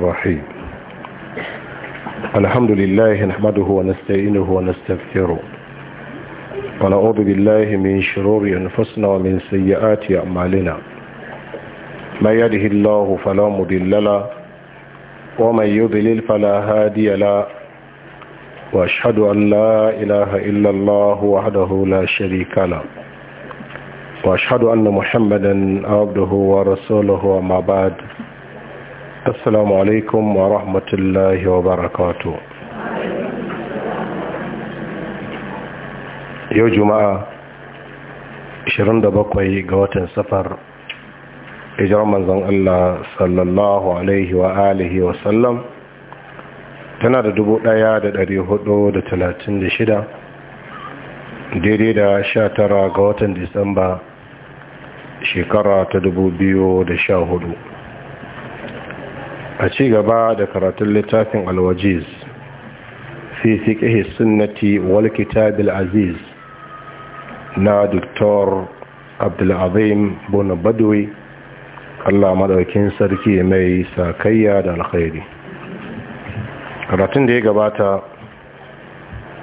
الرحيم الحمد لله نحمده ونستعينه ونستغفره ونعوذ بالله من شرور أنفسنا ومن سيئات أعمالنا ما يده الله فلا مضل له ومن يضلل فلا هادي له وأشهد أن لا إله إلا الله وحده لا شريك له وأشهد أن محمدا عبده ورسوله وما بعد Assalamu alaikum wa rahmatullahi wa barakatu. Yau juma'a 27 ga watan safar, Ijiran manzan Allah sallallahu alaihi wa alihi wa sallam, tana da dubu daya da dari hudu da talatin da shida, daidai da sha tara ga watan Disamba shekara ta dubu biyu da sha hudu. a ci gaba da karatun littafin alwajiz fi fiƙihi sunnati wal kitabil aziz na doktor abdulazim bona badawi allah madaukin sarki mai sakayya da alkhairi karatun da ya gabata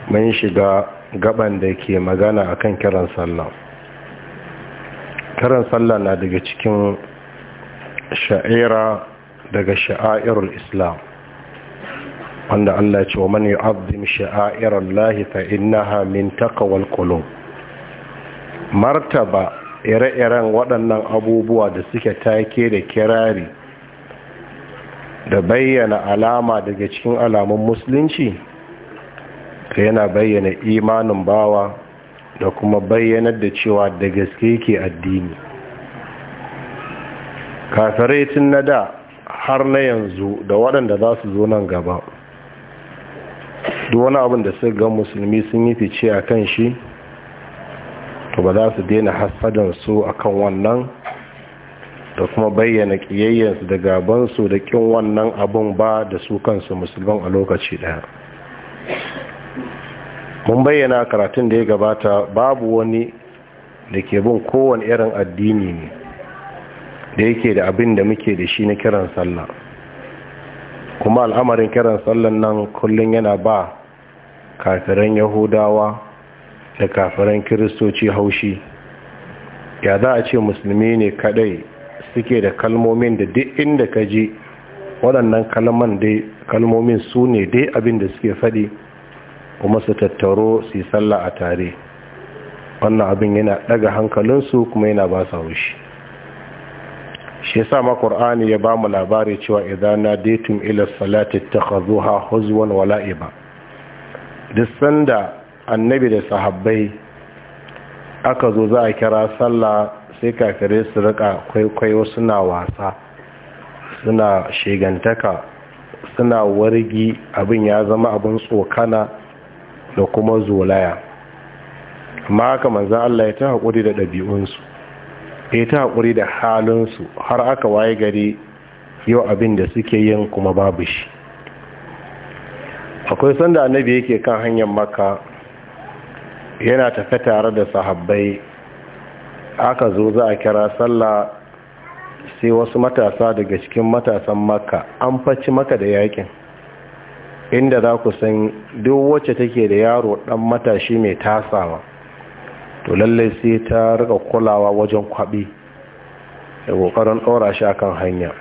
mun shiga gaban da ke magana akan kiran sallah kiran sallah na daga cikin sha'ira daga sha'airul islam wanda Allah ce wa man abdin sha'airul lahi fa ha min takawal kolo martaba ire-iren waɗannan abubuwa da suke take da kirari da bayyana alama daga cikin alamun musulunci ka yana bayyana imanin bawa da kuma bayyanar da cewa da gaske ke addini kafirai tun na da har na yanzu da waɗanda za su zo nan gaba duk wani abin da suka ga musulmi sun yi fice a kan shi to ba za su daina su a kan wannan da kuma bayyana ƙiyayyansu da gabansu da ƙin wannan abin ba da su kansu musulman a lokaci ɗaya mun bayyana karatun da ya gabata babu wani da ke bin kowane irin addini ne da yake da abin da muke da shi na kiran sallah kuma al'amarin kiran sallan nan kullum yana ba kafiran yahudawa da kafiran kiristoci haushi ya za a ce musulmi ne kadai suke da kalmomin da duk inda ka ji waɗannan kalmomin su ne dai abin da suke faɗi kuma su tattaro su yi sallah a tare wannan abin yana ɗaga hankalinsu kuma yana ba sa haushi shi yasa ma qur'ani ya ba mu labari cewa idan na nadaitum ila salati takhazuha huzwan wa la'iba duk sanda annabi da sahabbai aka zo za a kira sallah sai kafirai su rika kwaikwayo suna wasa suna shegantaka suna wargi abin ya zama abin tsokana da kuma zolaya amma haka manzan Allah ya ta haƙuri da ɗabi'unsu ya ta haƙuri da halinsu har aka waye gari yau abin da suke yin kuma babu shi akwai sanda annabi yake kan hanyar maka yana tafe tare da sahabbai aka zo za a kira sallah sai wasu matasa daga cikin matasan maka an faci maka da yakin inda za ku san duk wacce take da yaro dan matashi mai tasawa to lallai sai ta rika kulawa wajen kwaɓi da ƙoƙarin ɗora shi akan hanya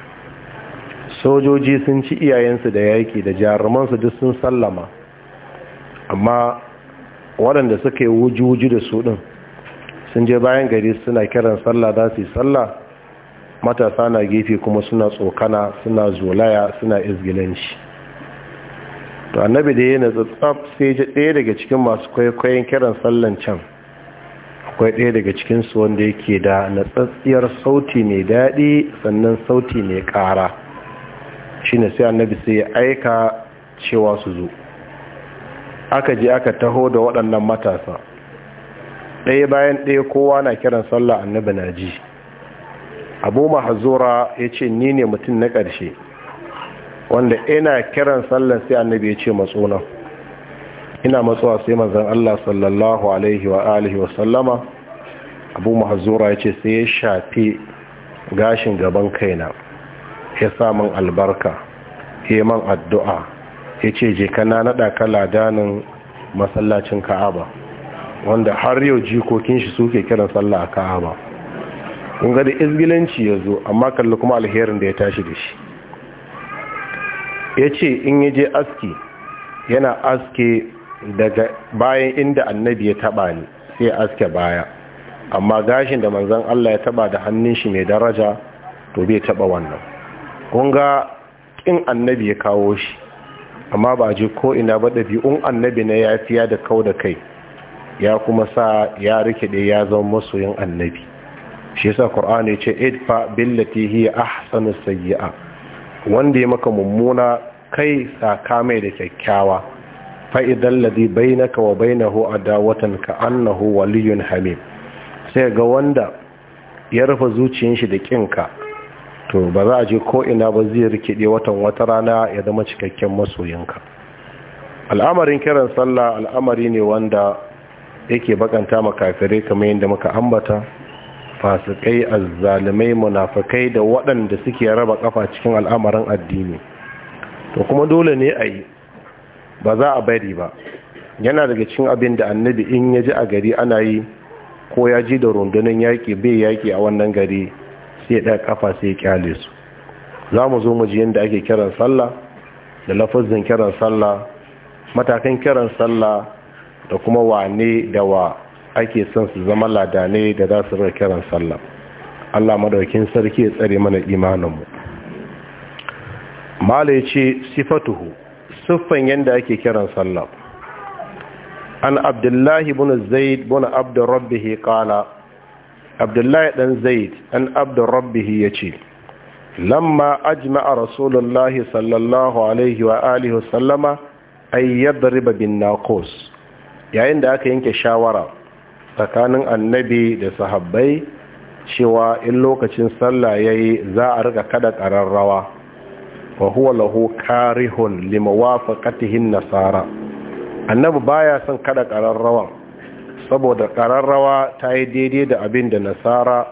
sojoji sun ci iyayensu da yaki da jarumansu duk sun sallama amma waɗanda suka yi wuji da su ɗin sun je bayan gari suna kiran sallah za su yi sallah matasa na gefe kuma suna tsokana suna zolaya suna izgilanci to annabi da yana na sai ɗaya daga cikin masu kwaikwayon kiran sallan can akwai ɗaya daga cikinsu wanda yake da natsatsiyar sauti mai daɗi sannan sauti mai ƙara shi ne sai annabi sai ya aika cewa su zo aka je aka taho da waɗannan matasa ɗaya bayan ɗaya kowa na kiran sallah annabi na ji abu mahazura ya ce ni ne mutum na ƙarshe wanda ina kiran sallah sai annabi ya ce matsunan ina matsuwa sai manzan Allah sallallahu alaihi wa alihi wa sallama Abu ya ce sai ya shafi gashin gaban kaina ya samun albarka ya man addu'a ya ce je kana nada ka ladanin masallacin Ka'aba wanda har yau jikokin shi suke kiran sallah a Ka'aba kun ga da izgilanci ya zo amma kalli kuma alherin da ya tashi da shi ya ce in ya je aski yana aske daga bayan inda annabi ya taba ni sai aske baya amma gashin da manzon Allah ya taba da hannun shi mai daraja to bai taba wannan kun kin annabi ya kawo shi amma ba ji ko ina ba ɗabi'un annabi na yafiya da kau da kai ya kuma sa ya rike rikide ya zama masoyin annabi shi yasa qur'ani ya ce idfa billati hi ahsanu sayyi'a wanda ya maka mummuna kai saka mai da kyakkyawa fa'idan ladi bai bai na bainaka wa a dawatan ka annahu waliyun hamim sai ga wanda ya rufe zuciyar shi da kinka to ba za a je ko'ina ba zai rikide watan wata rana ya zama cikakken masoyinka al'amarin kiran sallah al'amari ne wanda yake bakanta makafirai kamar yadda muka ambata fasikai azzalimai munafikai da waɗanda suke raba kafa cikin al'amarin addini to kuma dole ne a yi ba za a bari ba yana daga cikin abin da annabi in ya ji a gari ana yi ko ya ji da rundunan yaƙi bai yaƙi a wannan gari sai ɗaya ƙafa sai ƙyale su za mu zo mu ji yadda ake kiran sallah da lafazin kiran sallah matakan kiran sallah da kuma wane da wa ake son su zama lada ladane da za su rika kiran sallah Allah madaukin sarki ya tsare mana imaninmu mala ya ce sifatuhu siffan yadda ake kiran sallah an abdullahi bin zaid bin abdur rabbihi qala abdullahi dan zaid an abdur rabbihi yace lamma ajma'a rasulullahi sallallahu alaihi wa alihi sallama ay riba bin naqus yayin da aka yanke shawara tsakanin annabi da sahabbai cewa in lokacin sallah yayi za a riga kada ƙararrawa wa huwa lahu karihun katihin nasara annabi baya son kada kararrawa saboda kararrawa ta yi daidai da abin da nasara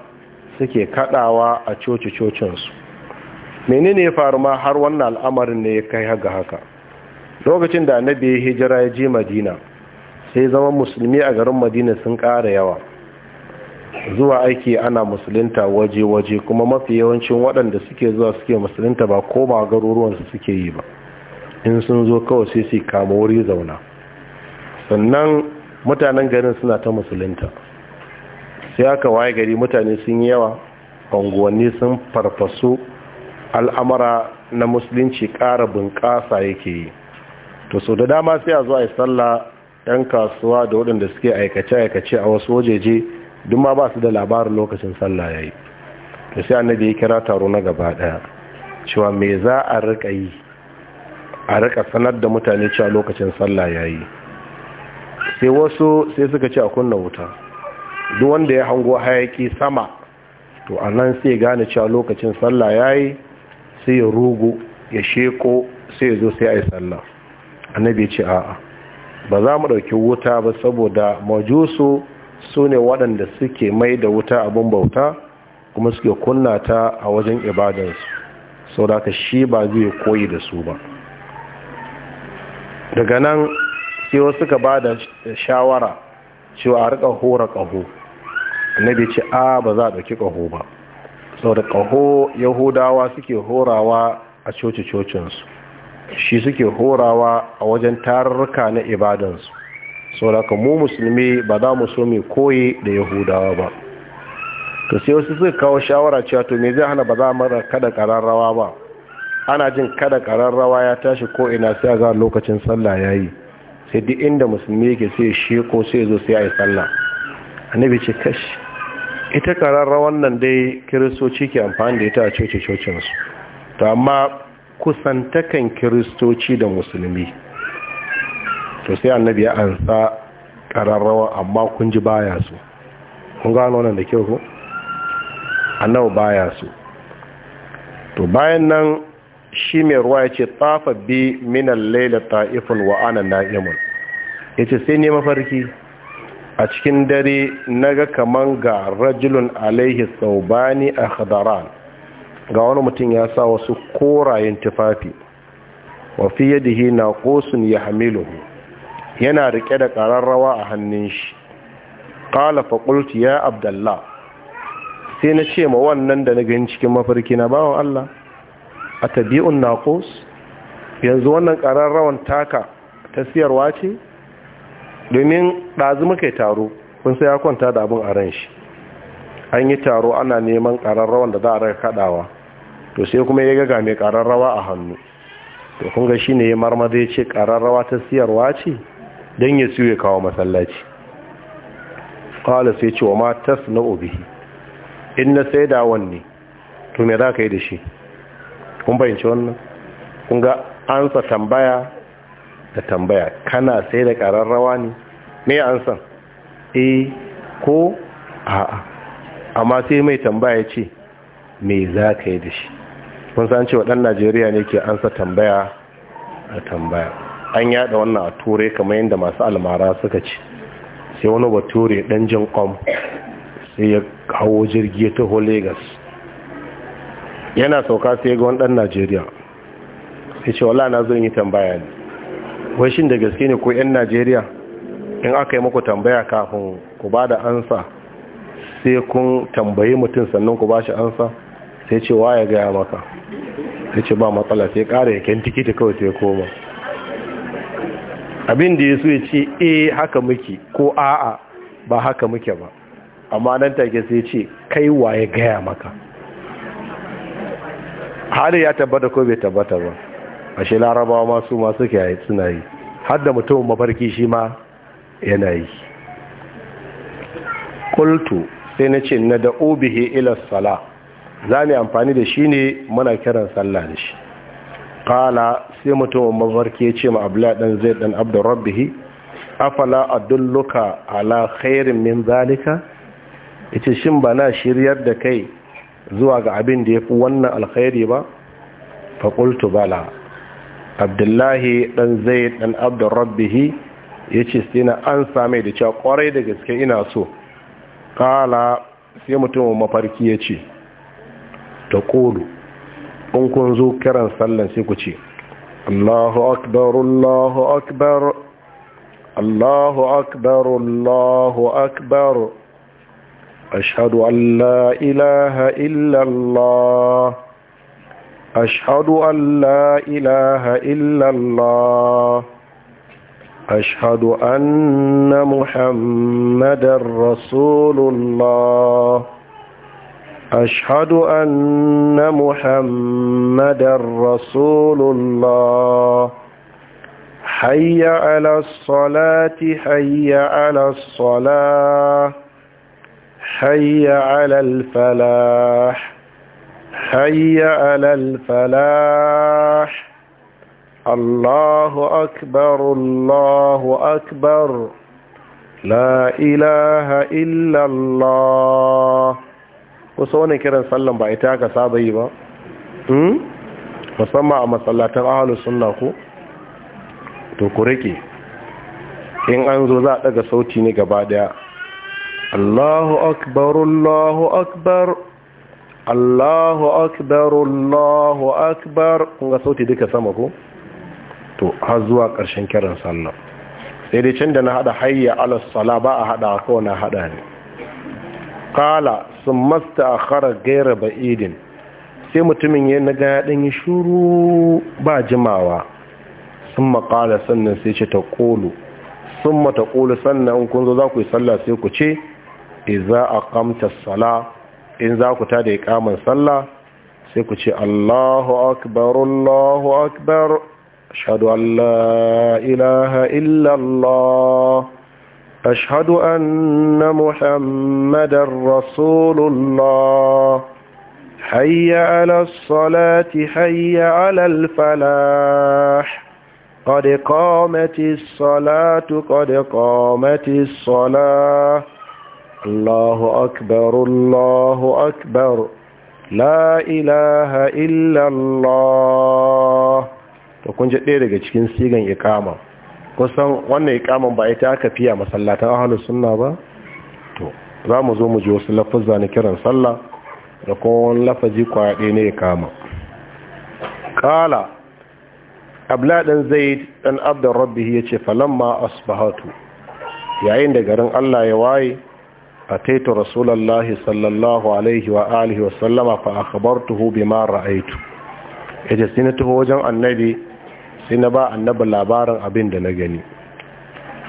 suke kadawa a coci cocinsu menene ya faru ma har wannan al'amarin ne ya kai ga haka lokacin da annabi ya hijira ya je madina sai zama musulmi a garin madina sun ƙara yawa zuwa aiki ana musulunta waje-waje kuma mafi yawancin waɗanda suke zuwa suke musulunta ba koma garuruwansu suke yi ba in sun zo kawai sai su kama wuri zauna sannan mutanen garin suna ta musulunta sai aka waye gari mutane sun yi yawa unguwanni sun farfasu al'amara na musulunci ƙara bunƙasa yake yi to so da dama sai a zo a yi sallah 'yan kasuwa da waɗanda suke aikace-aikace a wasu wajeje duk ma ba su da labarin lokacin sallah yayi to sai annabi ya kira taro na gaba daya cewa me za a rika yi a rika sanar da mutane cewa lokacin sallah yayi sai wasu sai suka ce a kunna wuta duk wanda ya hango hayaki sama to a nan sai gane cewa lokacin sallah yayi sai ya rugo ya sheko sai ya zo sai a yi sallah annabi ya ce a'a ba za mu ɗauki wuta ba saboda majusu su ne waɗanda suke mai da wuta abin bauta kuma suke kunna ta a wajen ibadansu sau da shi ba zai koyi da su ba daga nan sai suka ba da shawara cewa a riƙa hura ƙaho annabi ce a ba za a ɗauki ƙaho ba sau da ƙaho yahudawa suke horawa a coci-cocinsu shi suke horawa a wajen tarurruka na ibadansu ka mu musulmi ba za mu so mai koyi da yahudawa ba to sai wasu suka kawo shawara cewa to me zai hana ba za mara kada kararrawa ba ana jin kada kararrawa ya tashi ko ina sai ga lokacin sallah yi, sai duk inda musulmi yake sai shi ko sai zo sai ayi sallah annabi ce kashi ita kararrawan nan dai kiristoci ke amfani da ita a coci cocinsu to amma kusantakan kiristoci da musulmi to sai annabi ya ansa kararrawa amma kun ji baya su kun gano nan da kyau ko annabi baya su to bayan nan shi mai ruwa ya ce tafa bi minan laila taiful wa ana na'imun ya ce sai ne mafarki a cikin dare naga ga kaman ga rajulun alaihi saubani a khadaran ga wani mutum ya sa wasu korayen tufafi wa fiye da hina ƙosun ya hamilu yana rike da ƙararrawa a hannun shi ƙala faƙulti ya abdallah sai na ce ma wannan da na gani cikin mafarki na bawan allah a tabi'un naƙos yanzu wannan ƙararrawan taka ta siyarwa ce domin ɗazu muka taro kun sai ya kwanta da abin a ran shi an yi taro ana neman ƙararrawan da za a raka kaɗawa to sai kuma ya gaga mai ƙararrawa a hannu to kun ga shi ne ya marmari ya ce ƙararrawa ta siyarwa ce don ya siyo ya kawo masallaci ƙwala sai ce wa ma na obihi in na sai da wanne to me za ka yi da shi kun bayanci wannan kun ga ansa tambaya da tambaya kana sai da ƙararrawa ne me ansan e ko a'a amma sai mai tambaya ce me za ka yi da shi kun san ce ɗan najeriya ne ke ansa tambaya da tambaya an yada wannan a Ture kamar yadda masu almara suka ce sai wani bature dan jin kwam sai ya kawo jirgi ya taho Legas. yana sauka sai ga wani dan najeriya sai ce wala na zan yi tambaya ne wai shi da gaske ne ko yan najeriya in aka yi muku tambaya kafin ku ba da ansa sai kun tambayi mutum sannan ku ba shi ansa sai ce waya ya gaya maka sai ce ba matsala sai kara yakin tikiti kawai sai koma abin da ya so ya ce e haka muke ko a'a ba haka muke ba amma nan take sai ce kai ya gaya maka hali ya tabbata ko bai tabbata ba ashe larabawa masu masu kiyaye suna yi har da mutum mafarki shi ma yana yi kultu sai na ce na da obihe ilar sala za mu amfani da shi ne muna kiran sallah da shi kala sai mutumin mafarki ya ce ma abla dan zai dan abdu rabbih afala adulluka ala khairin min zalika yace shin ba na shiryar da kai zuwa ga abin da ya fi wannan alkhairi ba fa qultu bala abdullahi dan zai dan abdu ya yace sai na an same da cewa kwarai da gaske ina so kala sai mutumin mafarki ce ta qulu in kun zo kiran sallan sai ku ce Allahu akbar Allahu akbar Allahu akbar Allahu akbar ashhadu an la ilaha illa Allah ashhadu an la ilaha illa Allah أشهد أن محمد رسول الله أشهد أن محمدا رسول الله حي على الصلاة حي على الصلاة حي على الفلاح حي على الفلاح الله أكبر الله أكبر لا إله إلا الله wasu wani kiran sallan ba ita aka saba yi ba hmm? musamman a masallatan ahalus sunna ko to ku rike in an zo za a daga sauti ne gaba daya Allahu akbar Allahu akbar Allahu akbar Allahu akbar kun ga sauti duka sama ko to har zuwa karshen kiran sallan sai dai can da na hada hayya ala sala ba a hada ko na hada ne kala. sun masta a kara gaira ba idin sai mutumin ya naga ya yi shuru ba jimawa sun makala sannan sai ce ta ƙolu sun mata ƙolu sannan kun zo za ku yi sallah sai ku ce e za a kamta sala in za ku ta da ikaman sallah sai ku ce allahu akbar allahu akbar shaɗu Allah ilaha illallah أشهد أن محمدا رسول الله حي على الصلاة حي على الفلاح قد قامت الصلاة قد قامت الصلاة الله أكبر الله أكبر لا إله إلا الله تكون جديدة ji ɗaya daga kusan wannan ikaman ba ita aka fiya masallatan ahalus sunna ba to za mu zo mu ji wasu lafazza na kiran sallah da kuma wani lafazi kwaɗe ne ya kama kala abla ɗan zaid ɗan abdan rabbi ya ce falamma asbahatu yayin da garin allah ya waye a taita rasulallah sallallahu alaihi wa alihi wasallama fa akhbartuhu bima ra'aitu ya ce sai na wajen annabi sai na ba annabi labarin abin da na gani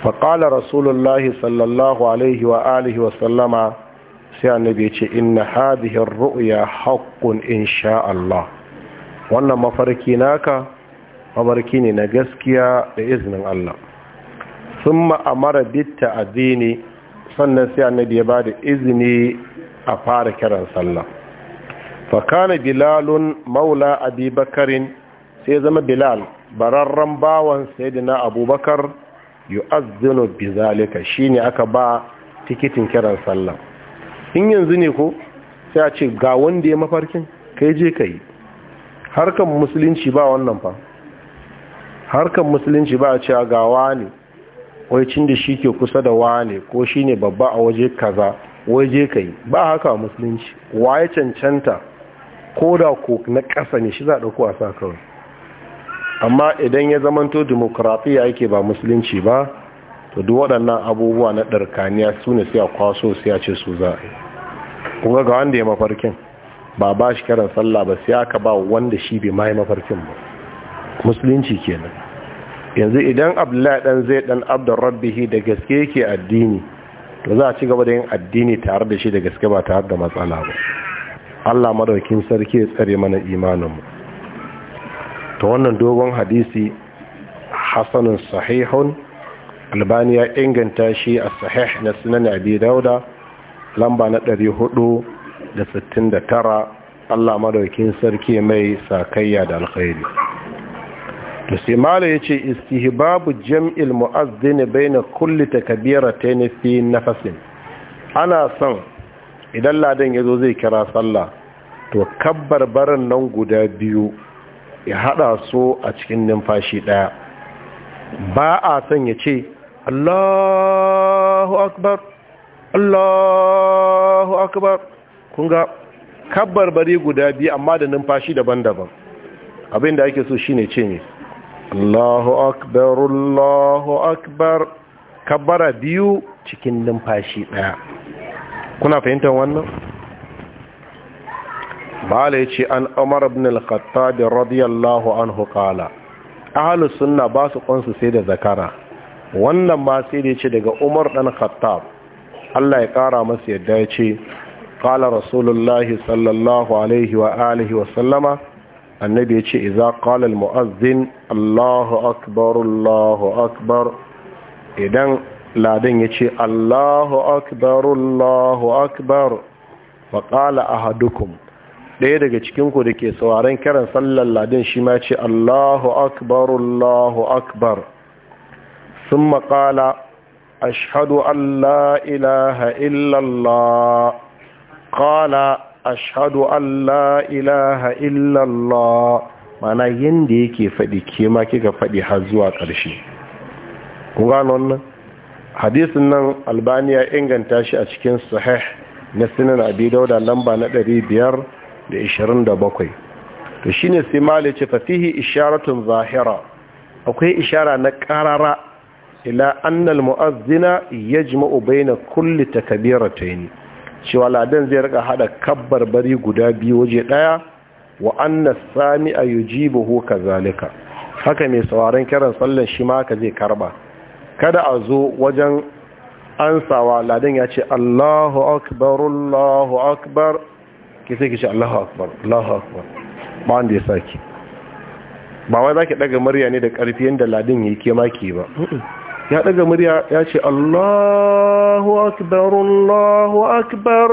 faƙala rasulullahi sallallahu alaihi wa alihi wa sallama sai annabi ya ce inna hadihin ru'ya haƙƙun insha Allah wannan mafarki naka mafarki ne na gaskiya da izinin Allah sun ma'amara bitta azini sannan sai annabi ya ba da izini a fara kiran sallah fakana bilalun maula abi bakarin sai zama bilal bararren bawan sayyidina abubakar yu'azzinu bizalika shine aka ba tikitin kiran sallah in yanzu ne ko sai a ce ga wanda ya mafarkin kai je ka yi. harkan musulunci ba wannan fa harkan musulunci ba a cewa ga wani wai cin da shi ke kusa da wani ko shi ne babba a waje kaza waje yi. ba haka musulunci waye cancanta ko da ko na ƙasa ne shi za a ɗauko a sa kawai amma idan ya zamanto demokratiya yake ba musulunci ba to duk waɗannan abubuwa na ɗarkaniya su ne sai a kwaso sai a ce su za a yi kuma ga wanda ya mafarkin ba ba shi kiran sallah ba sai aka ba wanda shi bai mai mafarkin ba musulunci kenan yanzu idan abdullahi dan zai ɗan abdur rabbihi da gaske yake addini to za a ci gaba da yin addini tare da shi da gaske ba tare da matsala ba Allah madaukin sarki ya tsare mana imanin mu ta wannan dogon hadisi hasanun sahihun albani ya inganta shi a sahih na sunan abi dauda lamba na 469 Allah madaukin sarki mai sakayya da alkhairi to ya ce, yace istihbabu jam'il mu'azzin baina kulli takbiratayn fi nafasin ana son idan ladan yazo zai kira sallah to kabbar barin nan guda biyu ya hada su a cikin numfashi daya ba a son ya ce Allahu akbar Allahu akbar kun ga bari guda biyu amma da numfashi daban-daban abinda ake so shine ce ne Allahu akbar Allahu akbar kabbara biyu cikin numfashi daya kuna fahimtar wannan bala ya ce an umar ibn al-khattab radiyallahu anhu qala ahlus sunna ba su kunsu sai da zakara wannan ba sai da yace daga umar dan khattab Allah ya kara masa yadda ya ce qala rasulullahi sallallahu alaihi wa alihi wa sallama annabi ya ce idza qala al-muazzin Allahu akbar Allahu akbar idan ladan ya ce Allahu akbar Allahu akbar wa qala ahadukum ɗaya daga cikinku da ke sauraron kiran sallar ladin shi ma ce allahu akbar allahu akbar sun maƙala ashadu Allah ilaha illallah ƙala ashadu Allah ilaha illallah mana yadda yake faɗi ke ma kika faɗi har zuwa ƙarshe wannan hadisin nan albaniya inganta shi a cikin sahih na sinan abi dauda lamba na ɗari biyar. da 27 to shine sai malai ce fa fihi isharatun zahira akwai ishara na karara ila annal mu'azzina yajma'u baina kulli takbiratayn cewa ladan zai rika hada kabbar bari guda biyu waje daya wa anna sami'a yujibuhu kazalika haka mai sauraron kiran sallar shi ma ka zai karba kada a zo wajen ansawa ladan ya ce Allahu akbar Allahu akbar ke sai "Allah ce Allahu akbar Allahu akbar ba wanda ya sake ba wai ki daga murya ne da karfi yadda ladin ya yake maki ba ya daga murya ya ce Allahu akbar Allahu akbar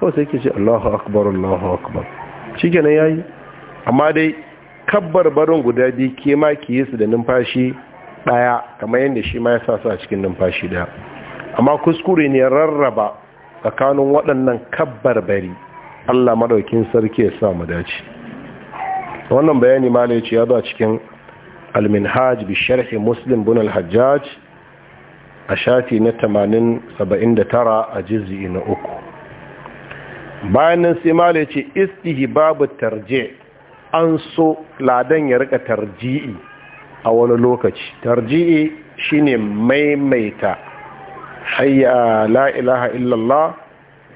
kawai sai ki ce Allahu akbar Allahu akbar ya yi. amma dai kabbar barin guda biyu ke maki yi su da numfashi daya kamar yadda shi ma ya sa su a cikin numfashi daya amma kuskure ne rarraba tsakanin waɗannan kabbar bari Allah madaukin sarki ya sa mu dace wannan bayani ma ne ya zo cikin al-minhaj bi sharh muslim bin al-hajjaj a shafi na 8079 a juz'i na uku bayan nan sai ma ne ce istihbab tarji an so ladan ya rika tarji'i a wani lokaci tarji'i shine maimaita hayya la ilaha illallah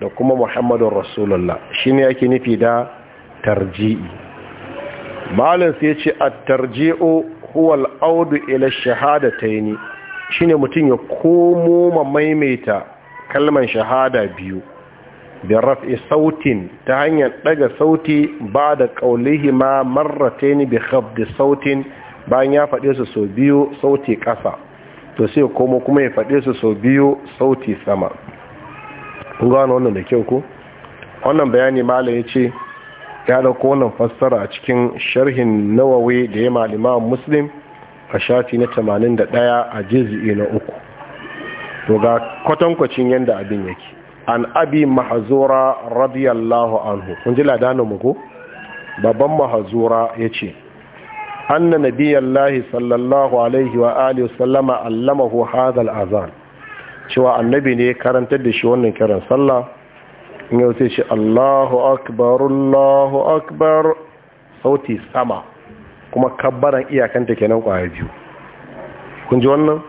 da kuma muhammadun rasulullah shi ne yake nufi da tarji'i malin sai ce a tarji'o huwal audu ila shahada ta yi shi ne mutum ya komo ma maimaita kalman shahada biyu da raf'i sautin ta hanyar daga sauti ba da ƙaulihi ma marrata ni bi haɗe sautin bayan ya faɗe su sau biyu sauti ƙasa to sai komo kuma ya faɗe su sau biyu sauti sama kun gano wannan da kyau ko wannan bayani malam ya ce ya dauko wannan fassara a cikin sharhin nawawi da ya malima muslim a shafi na 81 a jizi'i na uku to ga kwatankwacin yadda abin yake an abi mahazura radiyallahu anhu kun ji ladanin mu ko babban mahazura ya ce anna nabiyallahi sallallahu alaihi wa alihi sallama allamahu hadha al-azan cewa annabi ne karantar da shi wannan kiran sallah in yau sai shi Allahu akbar Allahu akbar sauti sama kuma kabbaran iyakanta kenan kwaya biyu kun ji wannan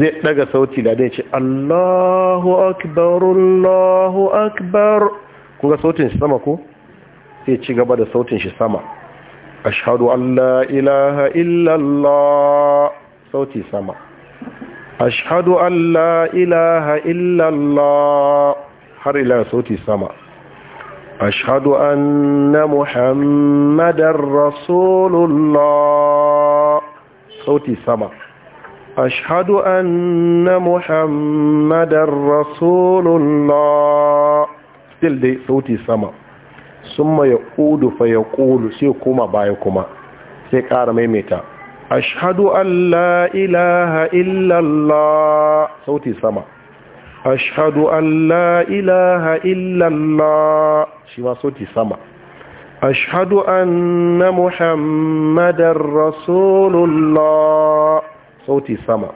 zai daga sauti da dai ce Allahu akbar Allahu akbar kun ga sautin shi sama ko sai ci gaba da sautin shi sama ashhadu an la ilaha illallah sauti sama ashhadu an la ilaha illallah har ila sauti sama ashhadu anna muhammadar rasulullah sauti sama ashhadu anna muhammadar rasulullah still dai sauti sama summa yaqudu fa yaqulu sai kuma baya kuma sai ƙara maimaita ashhadu an la ilaha illallah sauti sama ashhadu an la ilaha illallah shi ma sauti sama ashhadu anna muhammadar rasulullah sauti sama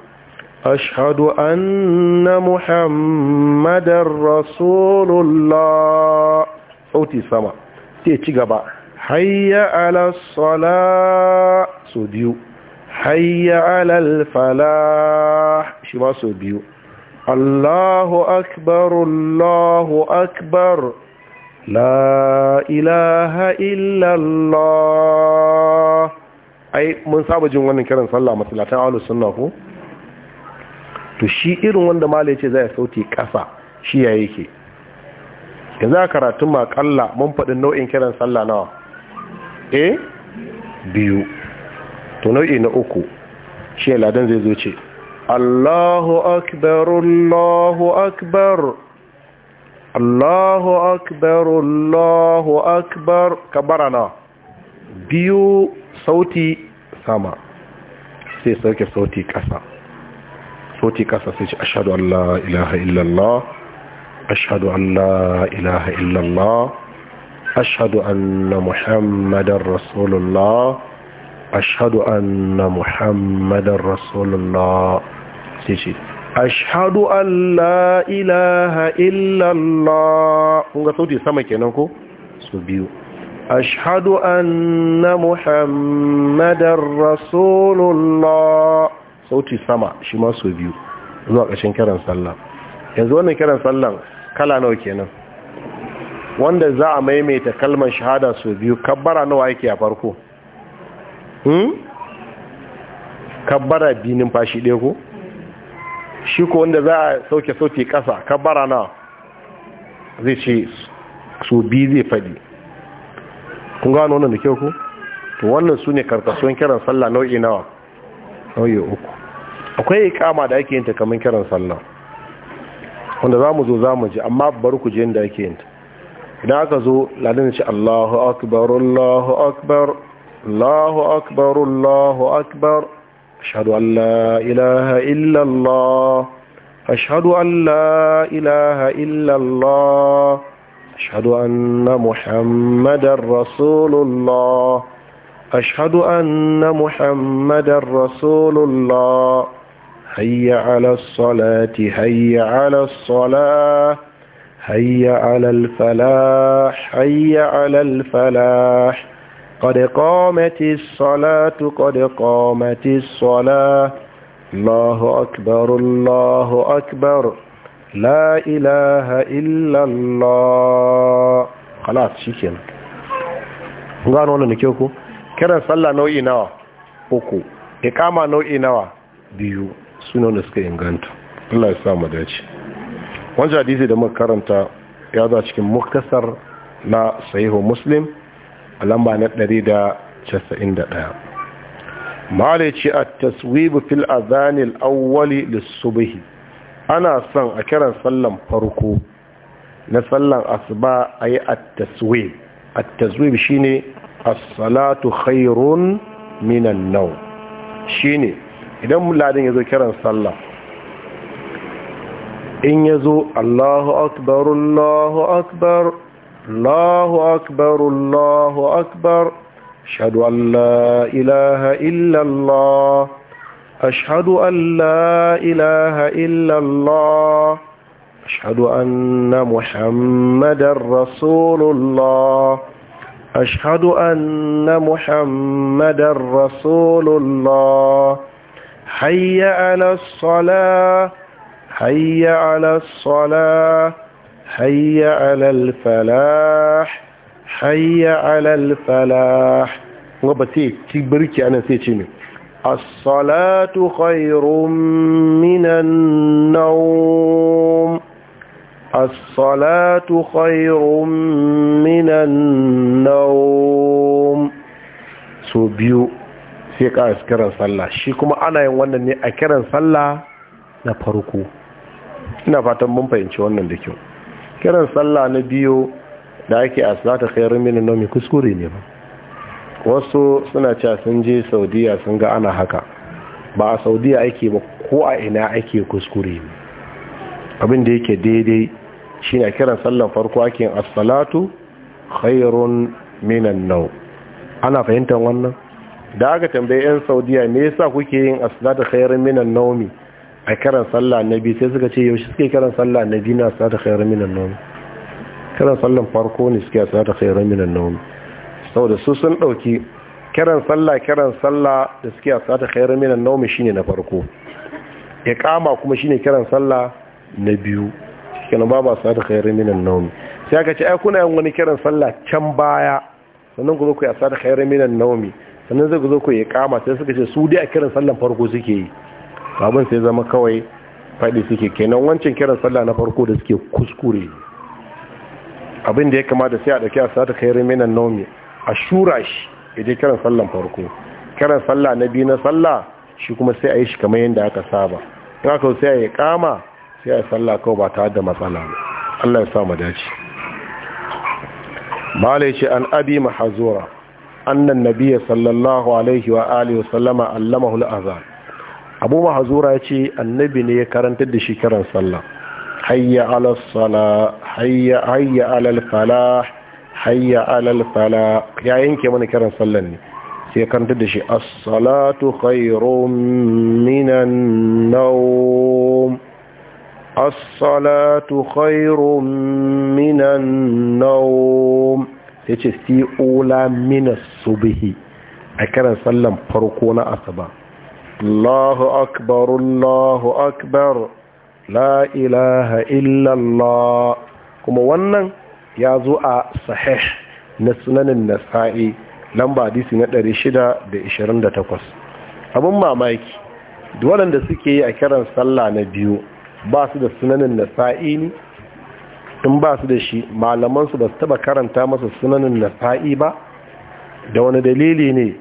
ashhadu anna muhammadar rasulullah sauti sama sai ci gaba hayya ala sala so biyu hayya alal falah shi ba so biyu Allahu akbar Allahu akbar la ilaha illallah ai mun saba jin wannan kiran sallah masallatan ahlus sunna ko to shi irin wanda malai yace zai sauti kasa shi ya yake yanzu a karatun makalla mun faɗin nau'in kiran sallah nawa eh biyu to nau'i na uku shi ladan zai zo ce Allahu akbar Allahu akbar Allahu akbar Allahu akbar kabara na biyu sauti sama sai sauke sauti kasa sauti kasa sai ce ashhadu Allah ilaha illallah ashhadu Allah ilaha illallah ashhadu anna muhammadar rasulullah ashhadu anna muhammadan rasulullah sai ce ashhadu an la ilaha illallah kun ga sauti sama kenan ko su biyu ashhadu anna muhammadan rasulullah sauti sama shi ma su biyu zuwa ƙashin kiran sallah yanzu wannan kiran sallan kala nawa kenan wanda za a maimaita kalmar shahada su biyu kabbara nawa yake a farko Hmm? kabbara biyu numfashi ɗaya ko shi ko wanda za a sauke sauke ƙasa kabbara na zai ce su biyu zai faɗi kun gano wannan da kyau ko to wannan su ne karkasuwan kiran sallah nau'i nawa nau'i uku akwai kama da ake yinta kamar kiran sallah wanda za mu zo za mu ji amma bari ku je da ake yinta idan aka zo ladin shi allahu akbar allahu akbar الله أكبر الله أكبر أشهد أن لا إله إلا الله أشهد أن لا إله إلا الله أشهد أن محمدا رسول الله أشهد أن محمدا رسول الله هيا على الصلاة هيا على الصلاة هيا على الفلاح هيا على الفلاح قد قامت الصلاة قد قامت الصلاة الله أكبر الله أكبر لا إله إلا الله خلاص شكرا gano wannan da kyau ku kiran sallah nau'i nawa uku ikama nau'i nawa biyu suna da suka inganta Allah ya sa mu dace hadisi da muka karanta ya zo cikin muktasar na sahihu muslim a lamba na 191 malici a taswibu fil azanil awwali lissubihi ana son a kiran sallan farko na sallan asuba a yi a taswib a taswib shine a salatu khairun minan nau Shi ne idan muladin ya zo kiran sallah in ya zo allahu akbar allahu akbar الله أكبر الله أكبر أشهد أن لا إله إلا الله أشهد أن لا إله إلا الله أشهد أن محمدا رسول الله أشهد أن محمدا رسول الله حي على الصلاة حي على الصلاة حي على الفلاح حي على الفلاح وبتي كبركي أنا سيتشيني الصلاه خير من النوم الصلاه خير من النوم سو بيو sai ka kiran sallah shi kuma ana yin wannan ne a kiran sallah na farko ina fatan mun fahimci wannan da kyau kiran sallah na biyo da ake a salata khairun min nomi kuskure ne ba wasu suna cewa sun je saudiya sun ga ana haka ba a saudiya ake ba ko a ina ake kuskure ne abin da yake daidai shi na kiran sallah farko ake as-salatu khairun minan nau ana fahimtar wannan da aka tambaye yan saudiya me yasa kuke yin as-salatu khairun minan naumi a karan sallah annabi sai suka ce yaushe suke karan sallah annabi na sa ta khairu minan nawm karan sallan farko ne suke sa ta khairu minan nawm saboda su sun dauki karan sallah karan sallah da suke sa ta khairu minan nawm shine na farko iqama kuma shine karan sallah na biyu kenan ba ba sa ta khairu minan nawm sai aka ce ai kuna yin wani karan sallah can baya sannan ku zo ku yi asar khairu minan nawmi sannan zai ku zo ku yi kama sai suka ce su dai a karan sallan farko suke yi abin sai zama kawai faɗi suke kenan wancan kiran sallah na farko da suke kuskure abin da ya kamata sai a ɗauki a sata kai riminan nomi a shura shi ya je kiran sallan farko kiran sallah na biyu na sallah shi kuma sai a yi shi kamar yadda aka saba in aka sai a yi kama sai a yi sallah kawai ba tare da matsala ba Allah ya sa mu dace malai ce an abi mahazura annan nabiyya sallallahu alaihi wa alihi wa sallama allamahu al azar. abu mahazura ya ce annabi ne ya karanta da shi sallah hayya alal sala hayya hayya alal fala hayya alal fala ya yanke mana karan sallan ne sai ya karanta da shi as-salatu khairum minan nawm as-salatu khairum minan nawm yace sti ula minas subhi a karan sallan farko na asuba الله أكبر الله أكبر لا إله إلا الله كما ونن يازوء صحيح نسنن النسائي lamba hadisi na 628 abin mamaki أبو ما yi دولا kiran أكرم صلى biyu ba su da sunanin nasa'i ne in ba su da shi malamansu ba su taba karanta masa sunanin nasa'i ba da wani dalili ne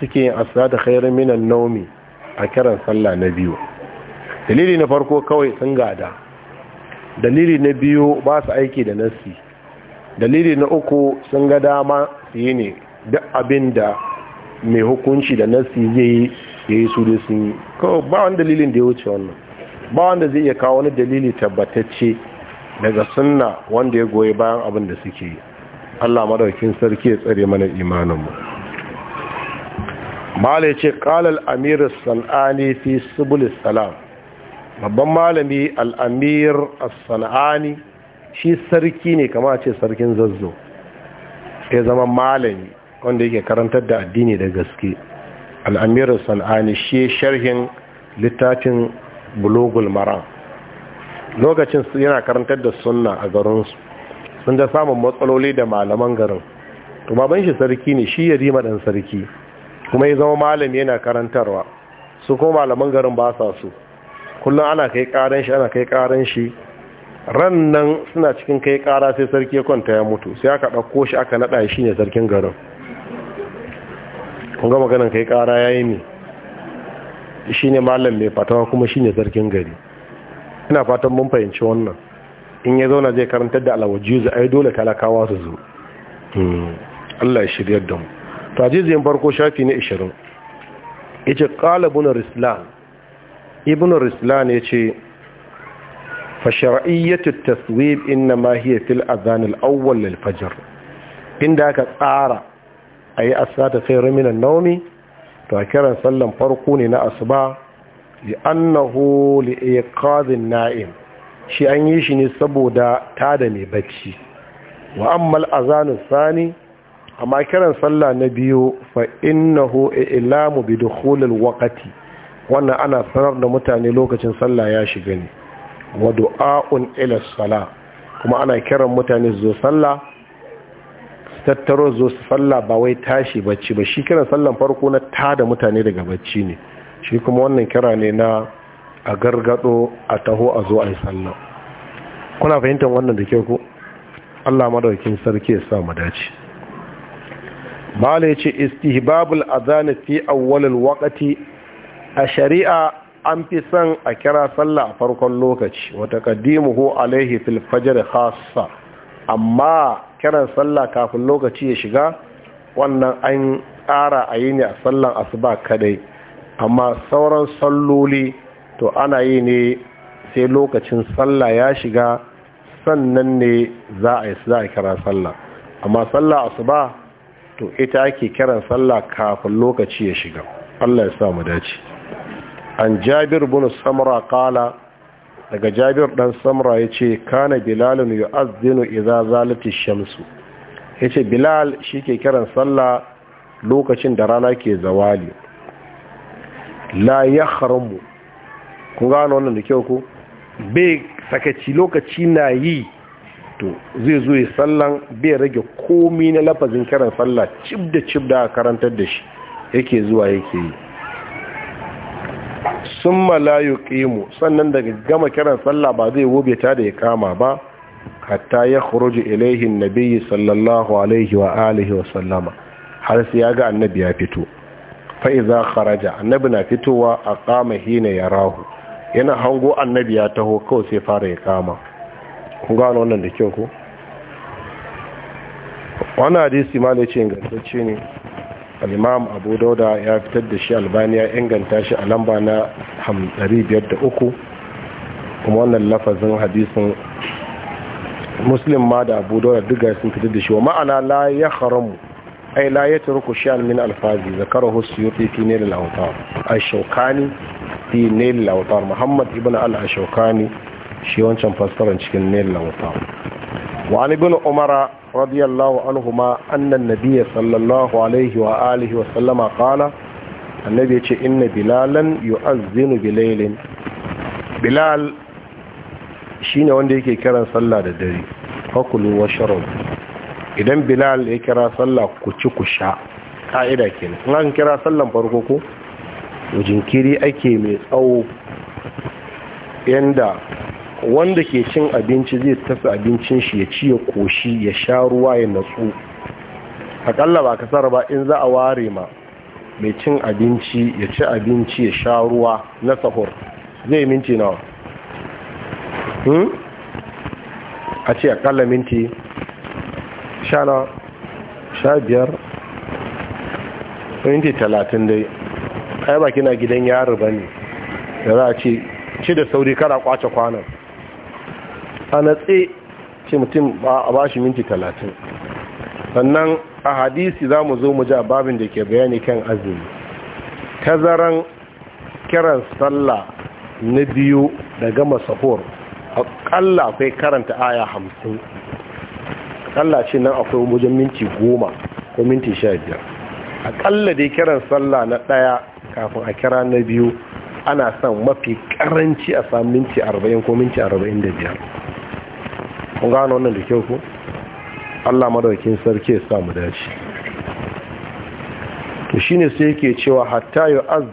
suke yin asada khairun minan naumi a kiran sallah na biyu dalili na farko kawai sun gada dalili na biyu ba su aiki da nassi dalili na uku sun ga dama su yi ne duk abin da mai hukunci da nassi zai yi ya su da sun yi ba wani dalilin da ya wuce wannan ba wanda zai iya kawo wani dalili tabbatacce daga sunna wanda ya goyi bayan abin da suke yi Allah madaukin sarki ya tsare mana imaninmu malai ce kalal amir san'ani fi subulis salam babban malami al'amir san'ani shi sarki ne kama ce sarkin zazzo ya zama malami wanda yake karantar da addini da gaske al'amir san'ani shi sharhin littafin bulogul mara lokacin yana karantar da sunna a garinsu sun da samun matsaloli da malaman garin to baban shi sarki ne shi ya rima dan sarki kuma ya zama malami yana karantarwa su kuma malaman garin ba sa su kullum ana kai karan shi ana kai karan shi ran nan suna cikin kai kara sai sarki ya kwanta ya mutu sai aka ɗauko shi aka naɗa shi ne sarkin garin kun ga maganin kai kara ya yi ne shi ne malam mai fatawa kuma shi ne sarkin gari ina fatan mun fahimci wannan in ya zauna zai karantar da alawajiyu za a yi dole talakawa su zo hmm. Allah ya shiryar da mu tajiziyan farko shafi na 20 yace qala ibn rislan ibn rislan yace fa shar'iyyatu at-taswib inma hiya fil adhan al-awwal lil fajr inda aka tsara ayi asata khairu min an-nawmi to a sallan farko ne na asuba li annahu li iqadh an-na'im shi an yi shi ne saboda tada mai bacci wa amma al-adhan ath-thani amma kiran sallah na biyu fa innahu ilamu bi dukhulil waqti wannan ana sanar da mutane lokacin sallah ya shiga ne wa du'a'un ila kuma ana kiran mutane zo sallah tattaro zo sallah ba wai tashi bacci ba shi kiran sallan farko na tada mutane daga bacci ne shi kuma wannan kira ne na a gargado a taho a zo a yi sallah kuna fahimtar wannan da ke ku? Allah madaukakin sarki ya sa mu dace malai ya ce istihbabul azani fi awwalil waqti a shari'a an fi san a kira sallah a farkon lokaci wata taqaddimuhu Alayhi fil fajr khassa amma kiran sallah kafin lokaci ya shiga wannan an ƙara a yi ne a sallan asuba kadai amma sauran salloli to ana yi ne sai lokacin sallah ya shiga sannan ne za a yi a kira sallah amma sallah asuba to ita ake kiran sallah kafin lokaci ya shiga Allah ya sa mu dace an jabir bin samra qala daga jabir dan samra yace kana bilal yu'azzinu idza zalati shamsu yace bilal shi shike kiran sallah lokacin da rana ke zawali la kun gano wannan da kyau ko bai sakaci lokaci na yi to zai zo ya sallan bai rage komi na lafazin kiran sallah cib da cib da karantar da shi yake zuwa yake yi sun malayu ƙimu sannan daga gama kiran sallah ba zai wobe ta da ya kama ba hatta ya kuroji ilaihin nabiyyi sallallahu alaihi wa alihi wa sallama har sai ya ga annabi ya fito fa'iza kharaja annabi na fitowa a kama hina ya rahu yana hango annabi ya taho kawai sai fara ya kama gano wannan da kyau ko wannan hadisi ma da ce ingantacce ne al'imam abu dauda ya fitar da shi albaniya inganta shi a lamba na 503 kuma wannan lafazin hadisin muslim ma da abu dauda duka sun fitar da shi wa ma'ana la ya haramu ai la ya turku shan min alfazi zakara husu yi fi ne da lautar ashokani ne da lautar muhammad ibn al-ashaukani shi wancan fassara cikin nail lawata wa an ibn umara radiyallahu anhuma annan nabiya sallallahu alaihi wa alihi wa sallama kala annabi ya ce inna bilalan yu'azzinu bilailin bilal shine wanda yake kiran sallah da dare fakulu wa sharab idan bilal ya kira sallah ku ci ku sha ka'ida kenan in an kira sallan farko ko jinkiri ake mai tsawo yanda wanda ke cin abinci zai tafi abincin shi ya ci ya koshi ya sha ruwa ya natsu akalla ba kasar ba in za a ware ma mai cin abinci ya ci abinci ya sha ruwa na sahur zai minti nawa hmm? a ce akalla minti sha na, sha biyar minti talatin dai ai ba kina gidan yaro ba ne da za a ce ci da sauri kara kwace kwanan a natse ce mutum ba a ba shi minti talatin sannan a hadisi za mu zo mu ji babin da ke bayani kan azumi tazaran kiran sallah na biyu da gama sahur akalla akwai karanta aya hamsin akalla ce nan akwai wajen minti goma ko minti sha biyar akalla dai kiran sallah na ɗaya kafin a kira na biyu ana son mafi karanci a samun minti arba'in ko minti arba'in da biyar kun gano wannan da kyau ku Allah madaukin sarki ya samu dace to shine sai yake cewa hatta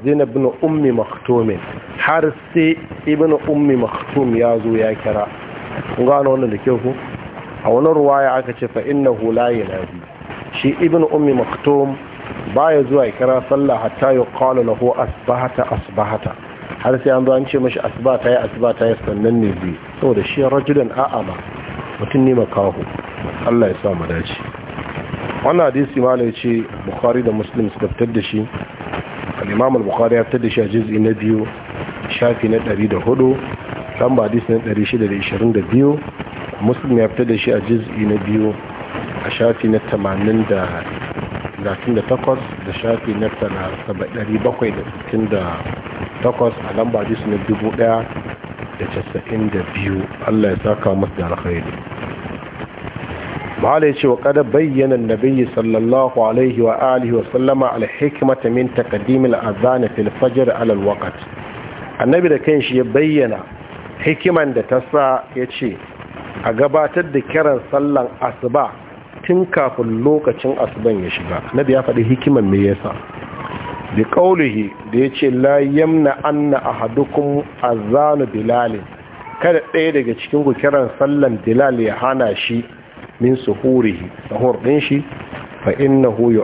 Zainab ibn ummi maktumin har sai ibn ummi maktum ya zo ya kira kun gano wannan da kyau ku a wani ruwaya aka ce fa innahu la yanabi shi ibn ummi maktum baya zuwa ya kira sallah hatta qala lahu asbahata asbahata har sai an zo an ce mashi asuba ta yi asuba ta yi sannan ne zai saboda shi rajulan a'ama mutum ne makahu Allah ya sa mu dace wannan hadisi malai ce bukhari da muslim suka fitar da shi al-imam al-bukhari ya fitar da shi a juz'i na biyu shafi na 104 lamba hadisi na 622 muslim ya fitar da shi a juz'i na biyu a shafi na 80 da 38 da shafi na da. takwas a lamba hadisi na dubu ɗaya da casa'in da biyu allah ya saka masu da alkhairi mahala ya ce wa kada bayyana biyu sallallahu alaihi wa alihi wa sallama alhikmata min taqdim al fil fajr alal annabi da kanshi ya bayyana hikiman da ta sa ya ce a gabatar da kiran sallan asuba tun kafin lokacin asuban ya shiga nabi ya faɗi hikiman me yasa bi qaulihi da ya yace la yamna anna ahadukum azanu bilal kada ɗaya daga cikin ku kiran sallan bilal ya hana shi min suhurihi sahur din shi fa innahu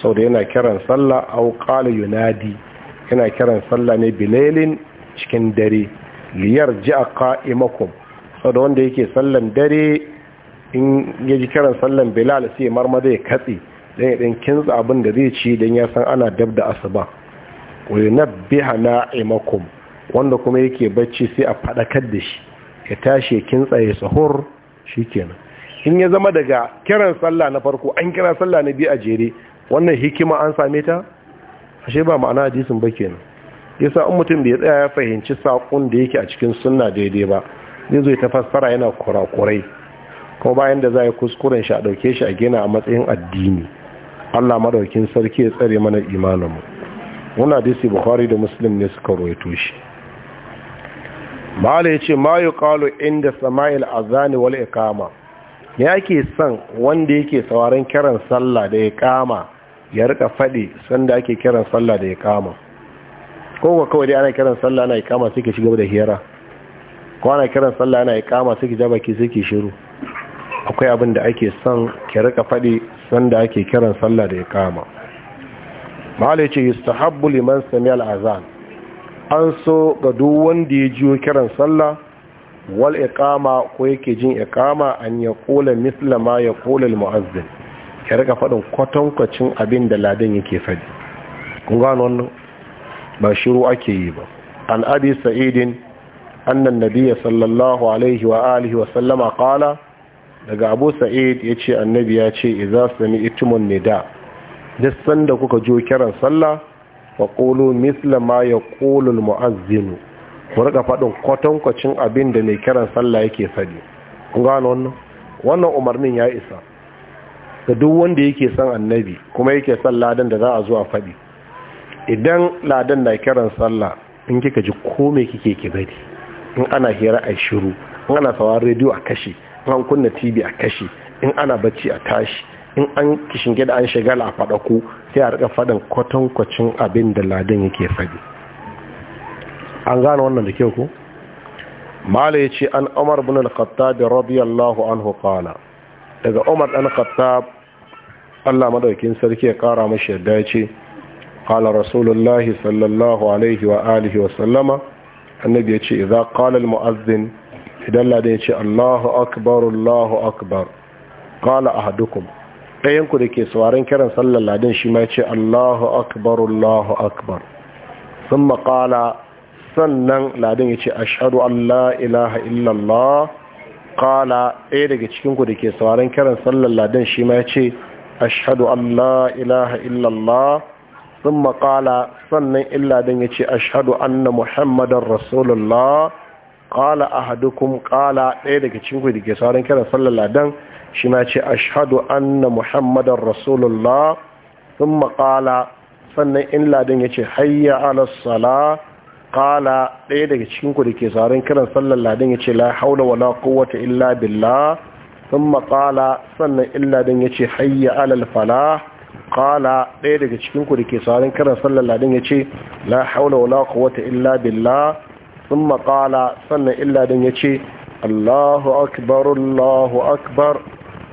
sau da yana kiran sallah aw qala yunadi yana kiran sallah ne bilailin cikin dare liyar ji a ka'imakon sau da wanda yake sallan dare in ya ji kiran sallan bilal sai marmada ya katse dan ya dan kinsa abin da zai ci dan ya san ana dab da asuba wa yunabbiha na'imakum wanda kuma yake bacci sai a fadakar da shi ya tashi kinsa ya sahur shikenan in ya zama daga kiran sallah na farko an kira sallah na biyu a jere wannan hikima an same ta ashe ba ma'ana hadisin ba kenan yasa in mutum da ya tsaya ya fahimci sakon da yake a cikin sunna daidai ba zai zo ta fassara yana kurakurai kuma bayan da za a yi kuskuren shi a ɗauke shi a gina a matsayin addini Allah madaukin sarki ya tsare mana imaninmu Muna disi bukhari da muslim ne suka rawaito shi Malai yace ma yuqalu inda sama'il azani wal iqama yake son wanda yake sauraron kiran sallah da iqama ya rika fadi sanda ake kiran sallah da iqama ko kawai dai ana kiran sallah ana iqama sai ke shiga da hira ko ana kiran sallah ana iqama sai ke jaba ki sai ke shiru akwai abin da ake son ki rika fadi sanda ake kiran sallah da iqama malai ce yustahabbu liman sami'a azan an so ga duk wanda ya jiyo kiran sallah wal iqama ko yake jin iqama an ya kula misla ma ya kula al-muazzin ya rika fadin kwatankwacin abin da ladan yake fadi kun gano wannan ba shiru ake yi ba an abi sa'idin annan nabiyya sallallahu alaihi wa alihi wa sallama qala daga abu sa'id ya ce annabi ya ce iza sami ne da, duk da kuka jo kiran sallah wa kolo misla ma kolo mu'azzinu ku rika fadin kwatankwacin abin da mai kiran sallah yake fadi kun gano wannan wannan umarnin ya isa ga duk wanda yake san annabi kuma yake son ladan da za a zo a fadi idan ladan na kiran sallah in kika ji ko kike ki bari in ana hira a shiru in ana sawar rediyo a kashe an kunna tv a kashi in ana bacci a tashi in an kishinge da an shagala a faɗa ko sai a rika faɗin kwatankwacin abin da ladan yake faɗi an gane wannan da kyau ko mala ya ce an umar bin al-khattab radiyallahu anhu qala daga umar dan khattab Allah madaukin sarki ya kara mashi yadda ya ce qala rasulullahi sallallahu alaihi wa alihi wa sallama annabi ya ce idza qala al-mu'adhdhin idan lada ya ce allahu akbar allahu akbar kala a hadukum ɗayanku da ke sauran kiran sallar ladin shi ma ya ce allahu akbar allahu akbar sun maƙala sannan ladin ya ce ashadu allah ilaha illallah kala ɗaya daga cikinku da ke sauran kiran sallar ladin shi ma ya ce ashadu allah ilaha illallah sun maƙala sannan illa don ya ce ashadu anna muhammadan rasulullah qala ahadukum qala ɗaya daga cikin ku dake sauran kiran sallar ladan shi na ce ashhadu anna muhammadar rasulullah thumma qala sannan in ladan yace hayya ala sala qala ɗaya daga cikin ku dake sauran kiran sallar ladan yace la haula wala quwwata illa billah thumma qala sannan in ladan yace hayya ala al falah qala ɗaya daga cikin ku dake sauran kiran sallar ladan yace la haula wala quwwata illa billah sun maƙala sannan illa don ya ce allahu akbar allahu akbar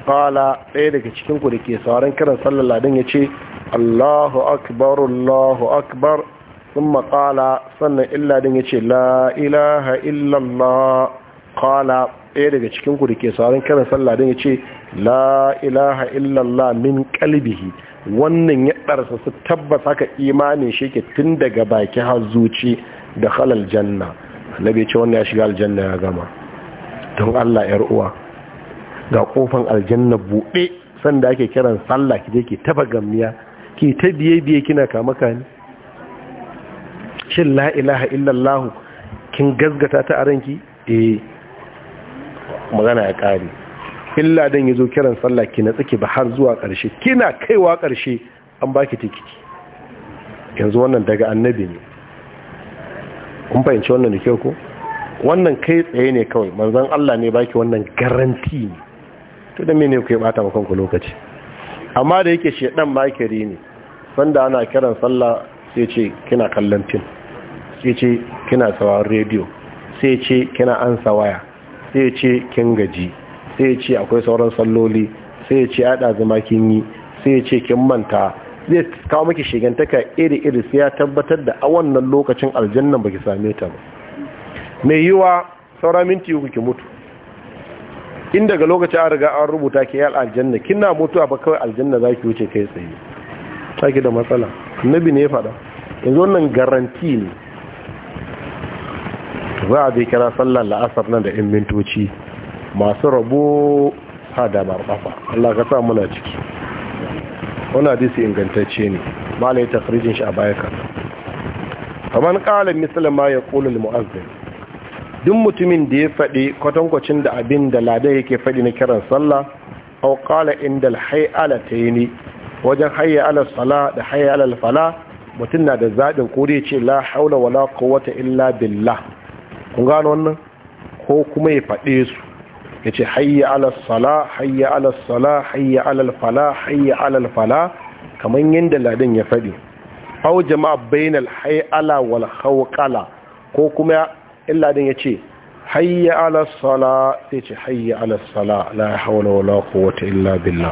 ƙala ɗaya daga cikinku da ke sauran kiran sallar ya ce allahu akbar allahu akbar sun maƙala sannan illa don ya ce la ilaha illallah ƙala ɗaya daga cikinku da ke sauran kiran sallah ya ce la ilaha illallah min kalbihi wannan ya ɗarsa su tabbas haka imanin shi ke tun daga baki har zuci da halal janna annabi ce wanda ya shiga aljanna ya gama don Allah yar uwa ga kofan aljanna buɗe sanda ake kiran sallah ki je ki taba gammiya. ki ta biye biye kina kama kani shin la ilaha illallah kin gazgata ta aranki eh magana ya kare illa dan yazo kiran sallah ki na tsaki ba har zuwa ƙarshe kina kaiwa ƙarshe an baki tikiti yanzu wannan daga annabi ne kun fahimci wannan da kyau ko wannan kai tsaye ne kawai manzon Allah ne baki wannan garanti ne to da mene ku ya bata maka kanku lokaci amma da yake shedan makiri ne sanda ana kiran sallah sai ce kina kallon fim sai ce kina sauraron rediyo sai ce kina ansa waya sai ce kin gaji sai ce akwai sauran salloli sai ce ada zama kin yi sai ce kin manta zai kawo maki shigantaka iri-iri sai ya tabbatar da a wannan lokacin aljannan baki same ta ba mai yiwa saura minti uku ki mutu in daga lokacin an riga an rubuta ki yal aljanna kina mutuwa ba kawai aljanna za ki wuce kai tsaye ta ki da matsala annabi ne ya faɗa yanzu wannan garanti ne za a zai kira sallar la'asar nan da 'yan mintoci masu rabo ha da marɓafa Allah ka sa muna ciki wani hadisi ingantacce ne yi takrijin shi a baya ka kamar kalin misalin ma ya kulul mu'azzin duk mutumin da ya faɗi kwatankwacin da abin da lada yake faɗi na kiran sallah au kala inda ala ta yi ne wajen hayya ala sala da hayya ala fala mutum na da zaɓin kuri ce la haula wala kowata illa billah kun gano wannan ko kuma ya faɗe su ya ce hayya ala sala hayya ala sala hayya ala fala hayya ala fala kamar yadda ladin ya faɗi hau jama'a bainal hayala wal hawqala ko kuma in ladin ya ce hayya ala sala sai ce hayya ala sala la hawla wala wata illa billah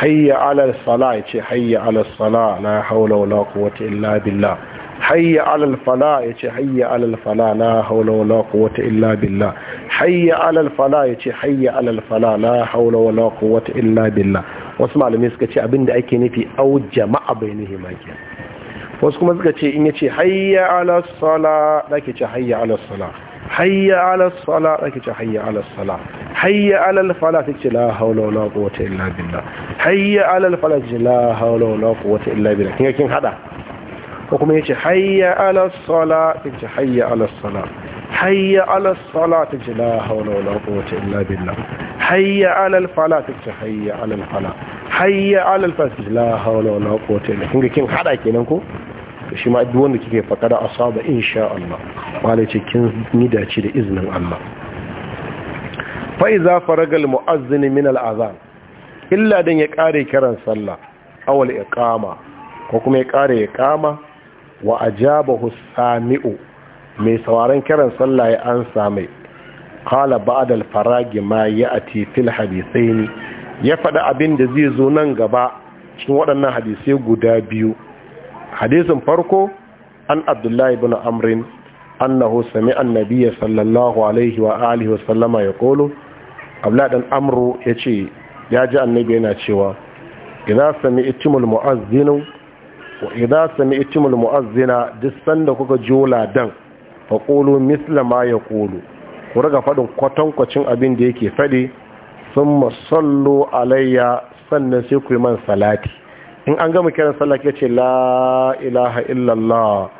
hayya ala sala ya ce hayya ala sala la hawla wala wata illa billah hayya alal fala ya ce hayya alal fala la haula wala quwwata illa billah hayya alal fala ya ce hayya alal fala la haula wala quwwata illa billah wasu malamai suka ce abinda ake nufi au jama'a bainihi ma ke wasu kuma suka ce in yace hayya ala sala dake ce hayya ala sala hayya ala sala dake ce hayya ala sala hayya ala fala ce la haula wala quwwata illa billah hayya ala fala ce la haula wala quwwata illa billah kin kin hada ko kuma yace hayya ala sala ta ce hayya ala sala hayya ala sala ta ce la hawla wala quwwata illa billah hayya ala fala ta ce hayya ala fala hayya ala al fala la haula wala quwwata illa kun kin hada kenan ko shi ma duk wanda kike faɗa da asaba insha Allah malai ce kin ni dace da iznin Allah fa iza faragal muazzin min al azan illa dan ya kare kiran sallah awal iqama ko kuma ya kare kama wa ajabahu sami'u mai sauraron kiran sallah ya ansa mai qala ba'da al-faragi ma ya'ti fil hadithaini ya faɗi abin da zai zo nan gaba cikin waɗannan hadisai guda biyu hadisin farko an abdullahi ibn amrin annahu an annabiya sallallahu alaihi wa alihi wa sallama ya amru yace ya ji annabi yana cewa idza sami mu'azzinu wa idza sami'tumul mu'azzina duk sanda kuka jola dan fa qulu misla ma yaqulu ku riga fadin kwatankwacin abin da yake fadi thumma sallu alayya sannan sai ku yi man salati in an gama kiran sallah kace la ilaha illa allah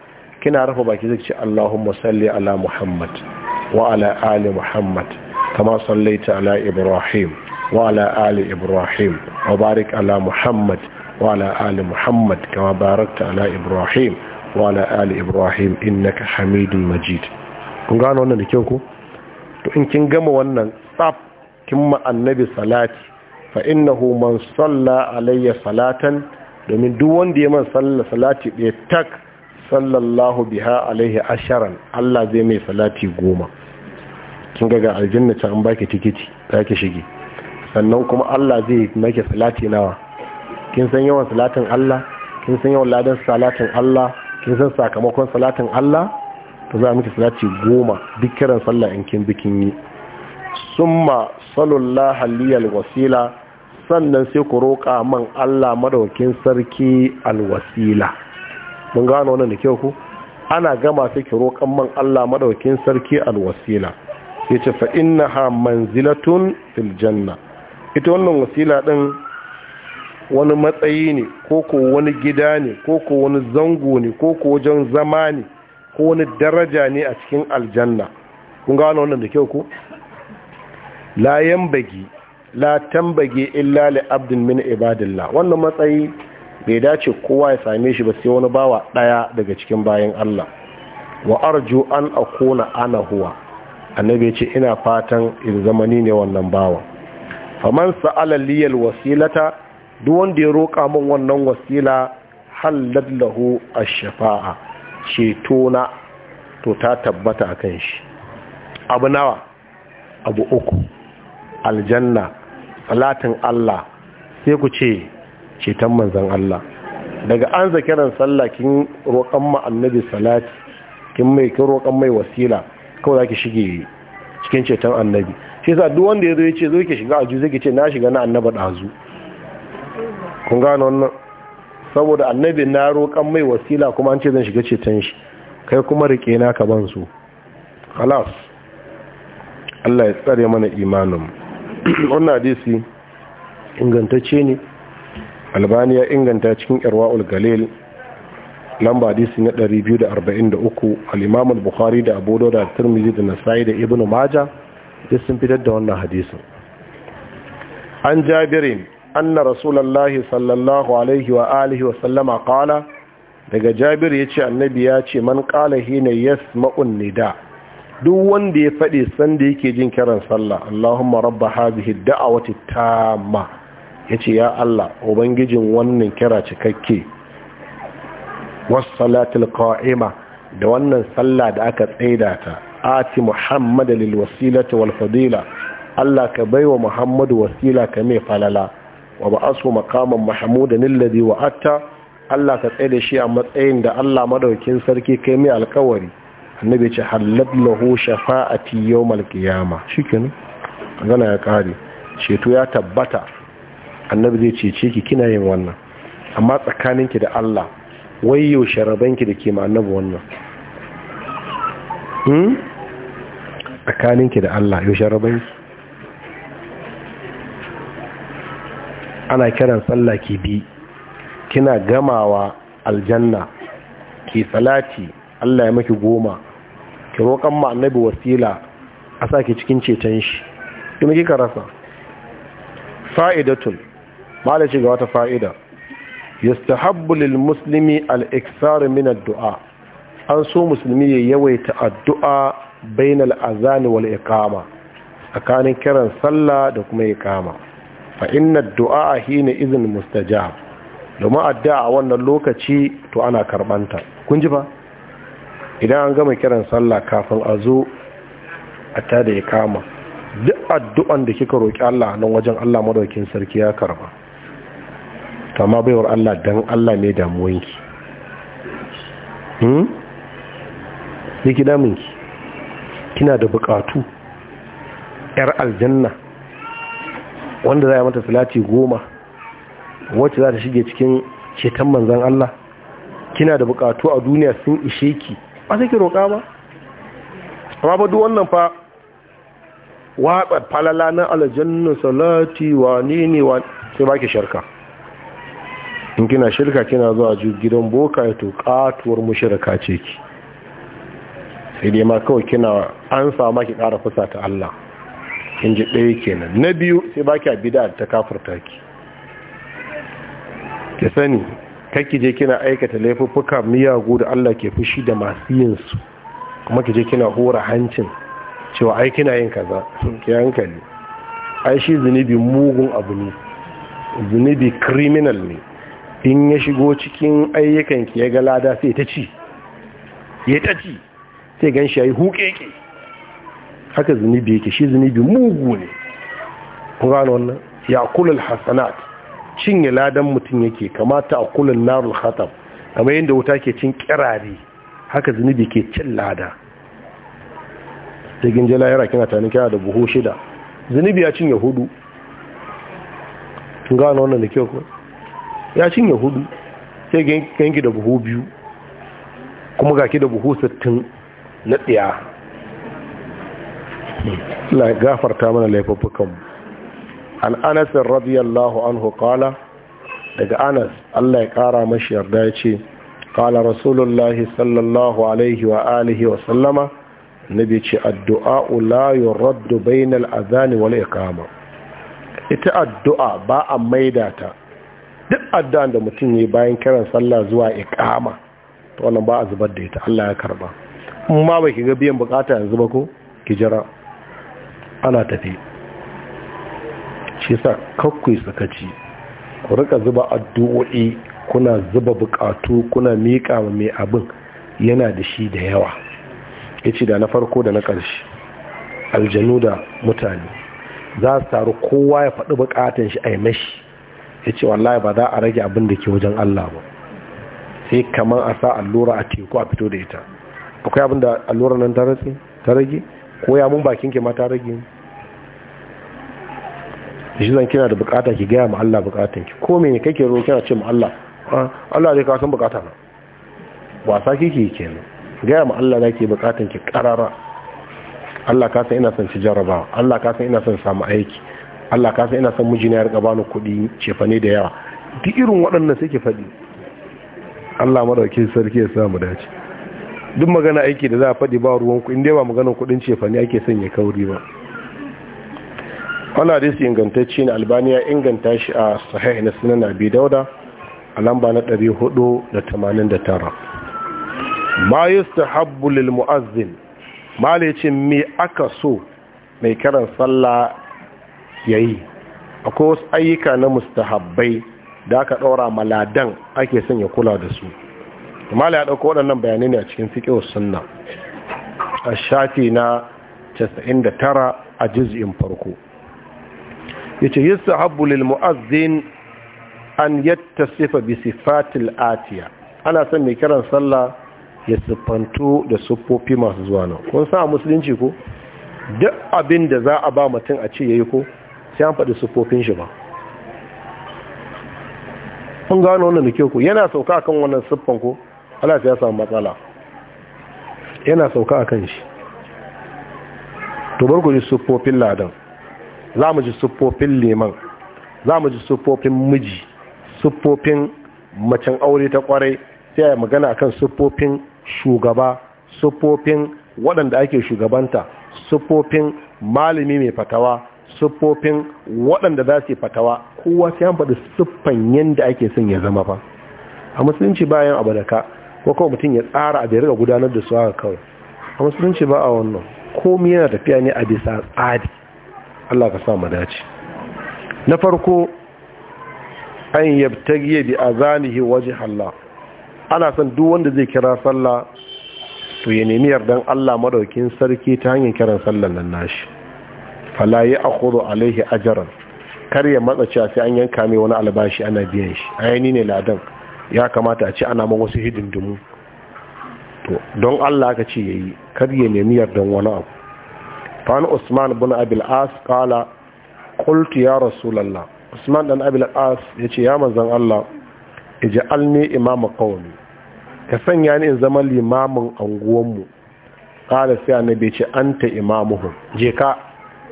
kina rafa baki zai ce Allahumma salli ala Muhammad wa ala ali Muhammad kama sallaita ala Ibrahim wa ala ali Ibrahim wa barik ala Muhammad وعلى آل محمد كما باركت على إبراهيم وعلى آل إبراهيم إنك حميد مجيد kun gano wannan da kyau ku to in kin gama wannan tsaf kin ma annabi salati fa innahu man salla alayya salatan domin duk wanda ya man salla salati ɗaya tak sallallahu biha alaihi asharan Allah zai mai salati goma kin ga ga aljanna ta an baki tikiti zaki shige sannan kuma Allah zai maki salati nawa kin san yawan salatin Allah kin san yawan ladan salatin Allah kin san sakamakon salatin Allah to za miki salati goma duk kiran sallah in kin bikin yi summa sallallahu aliyal wasila sannan sai ku roƙa man Allah madaukin sarki alwasila mun gano wannan da kyau ku ana gama sai ki roƙan man Allah madaukin sarki alwasila yace fa innaha manzilatun fil janna ita wannan wasila din wani matsayi ne ko ko wani gida ne ko ko wani zango ne ko ko wajen zama ne ko wani daraja ne a cikin aljanna kun gano wannan da kyau ko la yambagi la tambage illa li abdin min ibadillah wannan matsayi bai dace kowa ya same shi ba sai wani bawa daya daga cikin bayan Allah wa arju an akuna ana huwa annabi ya ce ina fatan in zamani ne wannan bawa faman sa'ala liyal wasilata duk wanda ya roƙa min wannan wasila halal lahu ash-shafa'a ceto na to ta tabbata akan shi abu nawa abu uku aljanna salatin Allah sai ku ce ceton manzon Allah daga an zakiran sallah kin roƙan ma annabi salati kin mai kin roƙan mai wasila kawai zaki shige cikin ceton annabi shi sa duk wanda ya zo ya ce zo ki shiga aju zai ce na shiga na annaba dazu kun gano wannan saboda annabi na roƙan mai wasila kuma an ce zan shiga ceton shi kai kuma rike na ka ban su halas Allah ya tsare mana imanin wannan hadisi ingantacce ne albani ya inganta cikin irwa'ul galil lamba hadisi na 243 al-imam al-bukhari da abu dawud da tirmidhi da nasa'i da ibnu majah duk sun fitar da wannan hadisin an jabirin anna rasulullahi sallallahu alaihi wa alihi wa sallama qala daga Jabiru ya ce annabi ya ce man qala hina yasma'un nida duk wanda ya faɗi sanda yake jin kiran sallah Allahumma rabba hadhihi da'awati tamma yace ya Allah ubangijin wannan kira cikakke was salatul qa'ima da wannan sallah da aka tsaida ta ati muhammad lil wasilati wal fadila Allah ka bai wa muhammadu wasila ka mai falala wa ba ba'asu maqaman mahmudan wa wa'atta Allah ka tsaye da shi a matsayin da Allah madaukin sarki kai mai alkawari annabi ce halab lahu shafa'ati yawmal qiyama shikenan magana ya kare ceto ya tabbata annabi zai cece ki kina yin wannan amma tsakaninki da Allah wayyo sharabanki da ke ma annabi wannan hmm? tsakaninki da Allah yau sharabanki ana kiran sallah ki bi kina gamawa aljanna ki salati Allah ya maki goma ki roƙan ma annabi wasila a sa ki cikin ceton shi kuma kika rasa fa'idatun malaci ga wata fa'ida yastahabbu lil muslimi al iksar min ad-du'a an so musulmi ya yawaita addu'a bainal azani wal iqama tsakanin kiran sallah da kuma iqama fa inna du'a hina izin mustajab domin addu'a a wannan lokaci to ana karbanta kun ji ba idan an gama kiran sallah kafin a zo a ta da ikama duk addu'an da kika roki Allah nan wajen Allah madaukin sarki ya karba amma baiwar Allah dan Allah ne damuwanki hmm yake daminki kina da bukatu yar aljanna wanda za a mata salati goma wacce za ta shige cikin ceton manzan Allah kina da bukatu a duniya sun ishe ki ba sai ki roƙa ba amma ba duk wannan fa waɓar falala na aljanna salati wa ne wa sai ba ki sharka in kina shirka kina zuwa gidan boka ya to katuwar mushirka ce ki sai dai ma kawai kina an sama ki ƙara fusa ta Allah in ji ɗaya kenan na biyu sai ba ki bida ta kafurta ki ki sani ki je kina aikata laifuffuka miyagu da Allah ke fushi da masu yin su kuma ki je kina hora hancin cewa ai kina yin kaza ki hankali ai shi zunubi mugun abu ne zunubi criminal ne in ya shigo cikin ayyukan ki ya ga lada sai ta ci ya ta ci sai gan shi yi hukeke haka zunubi yake shi zunubi mugu ne ku wannan ya kulul hasanat cinye ladan mutum yake kamata a kulul narul khatab kamar yadda wuta ke cin kirare haka zunubi ke cin lada jirgin jela yara kina tani kira da buhu shida zunubi ya cinye hudu kun wannan da kyau ko ya cinye hudu sai ganki da buhu biyu kuma ga ki da buhu sittin na tsiya gafarta mana laifuffukan an Anas radiyallahu anhu qala daga Anas Allah ya kara mashi yarda ya ce qala rasulullahi sallallahu alaihi wa alihi wa sallama nabi ce addu'a la yuraddu bainal adhan wal iqama ita addu'a ba a maida ta duk addu'an da mutum yi bayan kiran sallah zuwa iqama to wannan ba a zubar da ita Allah ya karba in ma baki ga biyan bukata yanzu ba ko ki jira ana tafi shi sa kakwai sakaci ku rika zuba addu'o'i kuna zuba bukatu kuna miƙa mai abin yana da shi da yawa ya da na farko da na ƙarshe aljanu da mutane za su taru kowa ya faɗi bukatun shi a yi mashi ya ce wallahi ba za a rage abin da ke wajen Allah ba sai kamar a sa allura a teku a fito da ita akwai abin da allura nan ta rage ko ya mun bakin ki mata rage shi zan kina da bukata ki gaya ma Allah bukatan ki ko me ne kake roƙo kina ce ma Allah ah, Allah zai kawo san bukata na wasa kike kenan gaya ma Allah zaki bukatan ki karara Allah ka san ina son ci jaraba Allah ka san ina son samu aiki Allah ka san ina son mijina ya rika bani kuɗi cefane da yawa duk irin waɗannan suke faɗi Allah madaukin sarki ya samu dace duk magana aiki da za a faɗi ba ruwan ku inda ba maganar kudin cefa ne ake sanya kauri ba wani hadisi ingantacci na albaniya inganta shi a sahih na sunan abi dauda a lamba na 489 ma yustahabbu lil mu'azzin ce me aka so mai karan sallah yayi akwai wasu ayyuka na mustahabbai da aka ɗaura maladan ake sanya kula da su mali ya ɗauka waɗannan bayanai ne a cikin fiƙewar sunna a shafi na 99 a juz'in farko ya ce yin sahabu lil mu'azzin an yadda sifa bi sifatil atiya ana son mai kiran sallah ya siffanto da siffofi masu zuwa nan kun sa musulunci ko duk abin da za a ba mutum a ce ya yi ko sai an faɗi siffofin shi ba kun gano wannan da ke ku yana sauka kan wannan siffan ko halas ya samu matsala yana sauka a kan shi to bar ku ji siffofin ladan za mu ji siffofin liman za mu ji siffofin miji siffofin macen aure ta kwarai sai ya magana akan siffofin shugaba siffofin waɗanda ake shugabanta siffofin malami mai fatawa siffofin waɗanda za su yi fatawa kowa sai an faɗi siffan yadda ake son ya zama fa a musulunci bayan abu da ka ko kawai mutum ya tsara a ya riga gudanar da su haka kawai a musulunci ba a wannan komi yana tafiya ne a bisa tsari Allah ka sa dace na farko an giye bi a zanihi waje Allah ana son duk wanda zai kira sallah to ya nemi yardan Allah madaukin sarki ta hanyar kiran sallar nan nashi fala ya kuro alaihi ajaran kar ya matsa cewa sai an yanka mai wani albashi ana biyan shi ayani ne ladan ya kamata a ce ana man wasu hidindimu to don Allah ka ce yayi kar ya nemi don wani abu fa'an Usman bin Abil As qala ya lalla. Usman dan Abil As ce ya manzan Allah iji alni imama kawani ka sanya ni in zama limamin anguwanmu kala sai annabi ce anta imamuhun je ka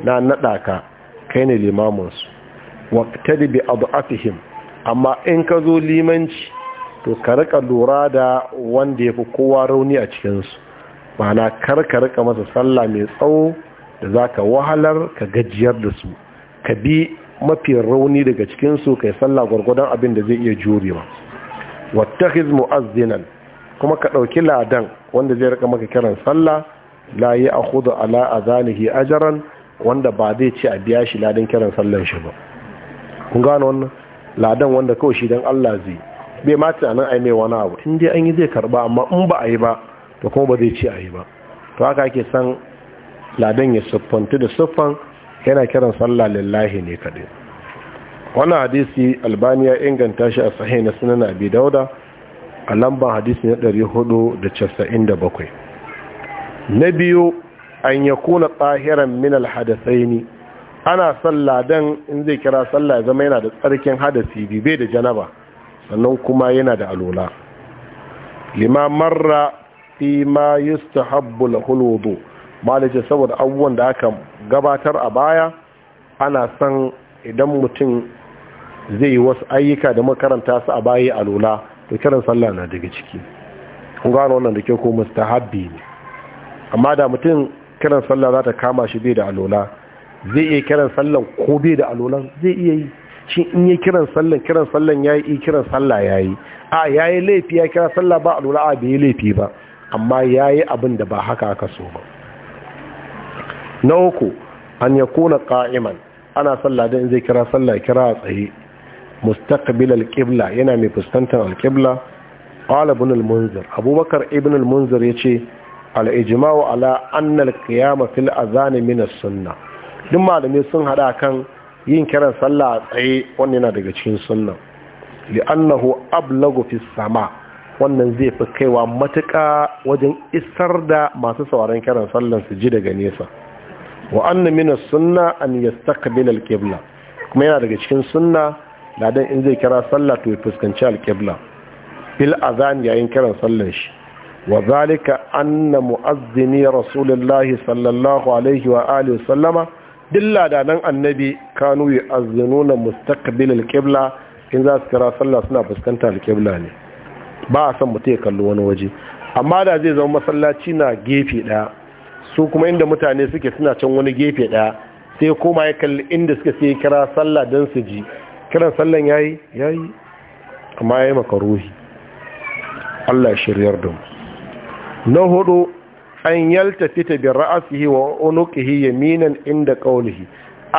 na naɗa ka kai ne limamin wa waqtadi bi adafihim amma in ka zo limanci to ka rika lura da wanda ya fi kowa rauni a cikinsu ma'ana kar ka rika masa sallah mai tsawo da za ka wahalar ka gajiyar da su ka bi mafi rauni daga cikinsu kai sallah gwargwadon abin da zai iya jurewa wattakhiz mu'azzinan kuma ka ɗauki ladan wanda zai rika maka kiran sallah la yi hudu ala azanihi ajaran, wanda ba zai ci a biya shi ladan kiran sallan shi ba kun gano wannan ladan wanda kawai shi dan Allah zai bai ma a ai mai wani abu in dai an yi zai karba amma in ba a yi ba to kuma ba zai ci a yi ba to haka ake san ladan ya siffantu da siffan yana kiran sallah lillahi ne kaɗai wannan hadisi albaniya inganta shi a sahih na sunan abi dauda a lambar hadisi na da da casa'in 497 na biyu an ya kuna tsahiran min alhadasai ana sallah ladan in zai kira sallah zama yana da tsarkin hadasi bibe da janaba sannan kuma yana da alola lima marra fi ma yustahabbu lahul wudu malaje saboda abubuwan da aka gabatar a baya ana san idan mutum zai yi wasu ayyuka da makaranta su a baya alola to kiran sallah na daga ciki kun gano wannan da ke ko mustahabbi ne amma da mutum kiran sallah za ta kama shi bai da alola zai iya kiran sallah ko bai da alola zai iya yi shi in yi kiran sallan kiran sallan ya yi kiran salla ya yi a ya yi laifi ya kira sallah ba a lura a bai yi laifi ba amma ya yi abin da ba haka aka so ba na uku an ya kuna ka'iman ana sallah don zai kira sallah kira a tsaye mustaqbil alqibla yana mai fuskantar alqibla qala ibn al-munzir abubakar ibn al-munzir yace al-ijma'u ala anna al-qiyam fil adhan min as-sunnah duk malamai sun hada kan yin kiran sallah a tsaye wannan yana daga cikin sunna li'annahu ablagu fi sama wannan zai fi kaiwa matuƙa wajen isar da masu sauraron kiran sallan su ji daga nesa wa anna min sunna an yastaqbil al-qibla kuma yana daga cikin sunna ladan in zai kira sallah to ya fuskanci al-qibla bil azan yayin kiran sallan shi wa zalika anna muazzini rasulullahi sallallahu alaihi wa alihi wa sallama dilla da nan annabi kanu ya na mustaqbil alqibla in za su kira sallah suna fuskantar alqibla ne ba a san mutum ya kalli wani waje amma da zai zama masallaci na gefe daya su kuma inda mutane suke suna can wani gefe daya sai koma ya kalli inda suka sai kira sallah don su ji kiran sallan yayi yayi amma yayi makaruhi Allah ya shiryar da mu na hudu an yalta fita bi ra'asihi wa unuqihi yaminan inda qawlihi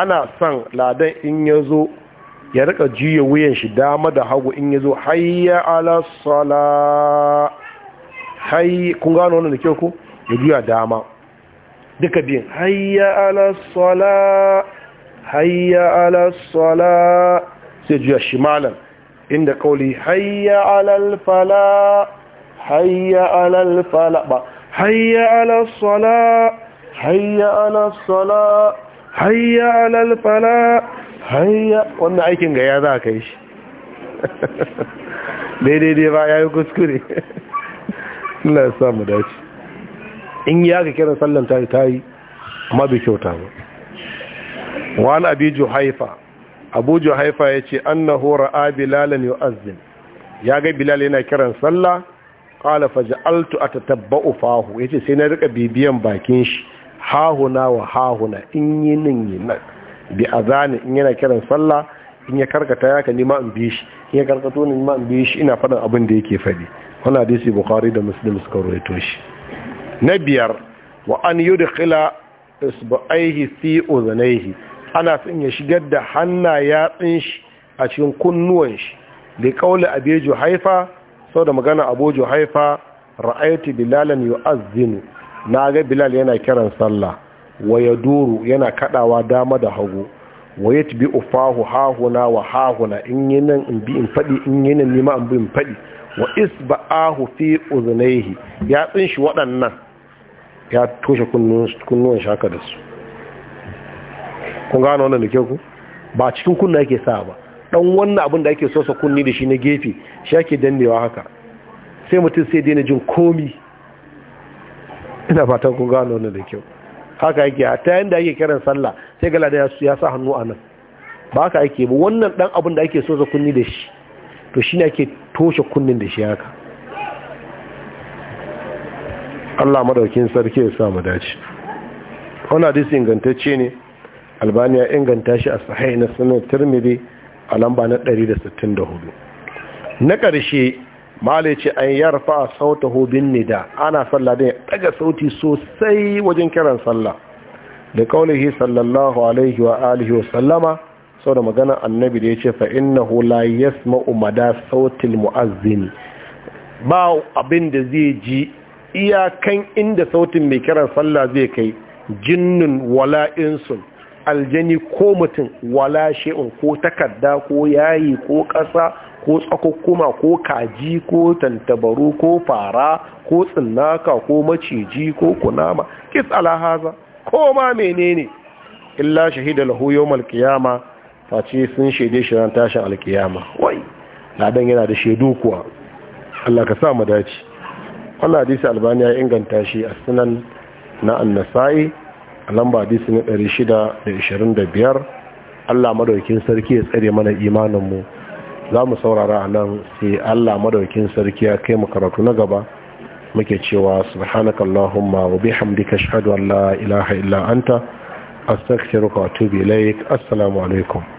ana son ladan in yazo ya rika juya wuyan shi dama da hagu in yazo hayya ala sala hay kun gano wannan da kyau ku ya juya dama duka biyan hayya ala sala hayya ala sala sai juya shimalan inda qawli hayya ala al fala hayya ala al fala ba حي على الصلاة حي على الصلاة حي على الفلاة حي wannan aikin ga ya za ka yi shi daidai dai ba yayi kuskure Allah ya samu dace in ya ga kiran sallan ta ta yi amma bai kyauta ba wa abi juhaifa abu juhaifa yace annahu ra'a bilalan ya ga bilal yana kiran salla. qala faj'altu atatabba'u fahu yace sai na rika bibiyan bakin shi hahuna wa hahuna in yi nin yi nan bi azani in yana kiran sallah in ya karkata ya ka nima in bi shi in ya karkato ni ma in bi shi ina fadin abin da yake faɗi wannan hadisi bukhari da muslim suka rawaito shi na biyar wa an yudkhila isba'aihi fi uzunaihi ana son ya shigar da hanna yatsin shi a cikin kunnuwan shi da kauli abi haifa. sau da magana abu haifa ra'aytu bilalan yu'azzinu na ga bilal yana kiran sallah wa duru yana kadawa dama da hagu wa tibi ufahu hahuna wa hahuna in nan in bi in fadi in nan nima in bi in fadi wa isba'ahu fi uzunaihi ya shi waɗannan ya toshe kunnuwan shaka da su kun gano wannan da ke ku ba cikin kunna yake sa ba dan wannan abin da ake so sa kunni da shi na gefe shi ake dannewa haka sai mutum sai daina jin komi ina fatan kun gano wannan da kyau haka yake ta yanda ake kiran sallah sai ga da ya sa hannu a nan ba haka ake ba wannan dan abin da ake so sa kunni da shi to shi ne ake toshe kunnin da shi haka Allah madaukin sarki ya sa mu dace wannan hadisi ingantacce ne albaniya inganta shi a sahih na sunan tirmidhi a lamba na 164 na ƙarshe malai ce an yarfa sauta hobin da ana sallah da ɗaga sauti sosai wajen kiran sallah da kaulihi sallallahu alaihi wa alihi wa sallama sau da magana annabi da ya ce hula ya yasma'u mada sautin mu'azzin ba abin da zai ji iyakan inda sautin mai kiran sallah zai kai jinnun wala'insun aljani ko mutum wala shi'un ko takarda ko yayi ko ƙasa ko tsakukkuma ko kaji ko tantabaru ko fara ko tsinaka ko maciji ko kunama kis alahaza ko ma menene illa shahida lahu yawmal qiyama face sun shaide shi ran tashin alkiyama wai ladan yana da shaidu kuwa Allah ka sa mu dace wannan hadisi albani ya inganta shi a sunan na annasai a lamba hadisi na 625 Allah madaukin sarki ya tsare mana imaninmu za mu saurara a nan sai Allah madaukin sarki ya kai mu karatu na gaba muke cewa subhanaka allahumma wa bihamdika ashhadu an la ilaha illa anta astaghfiruka wa atubu ilaik assalamu alaikum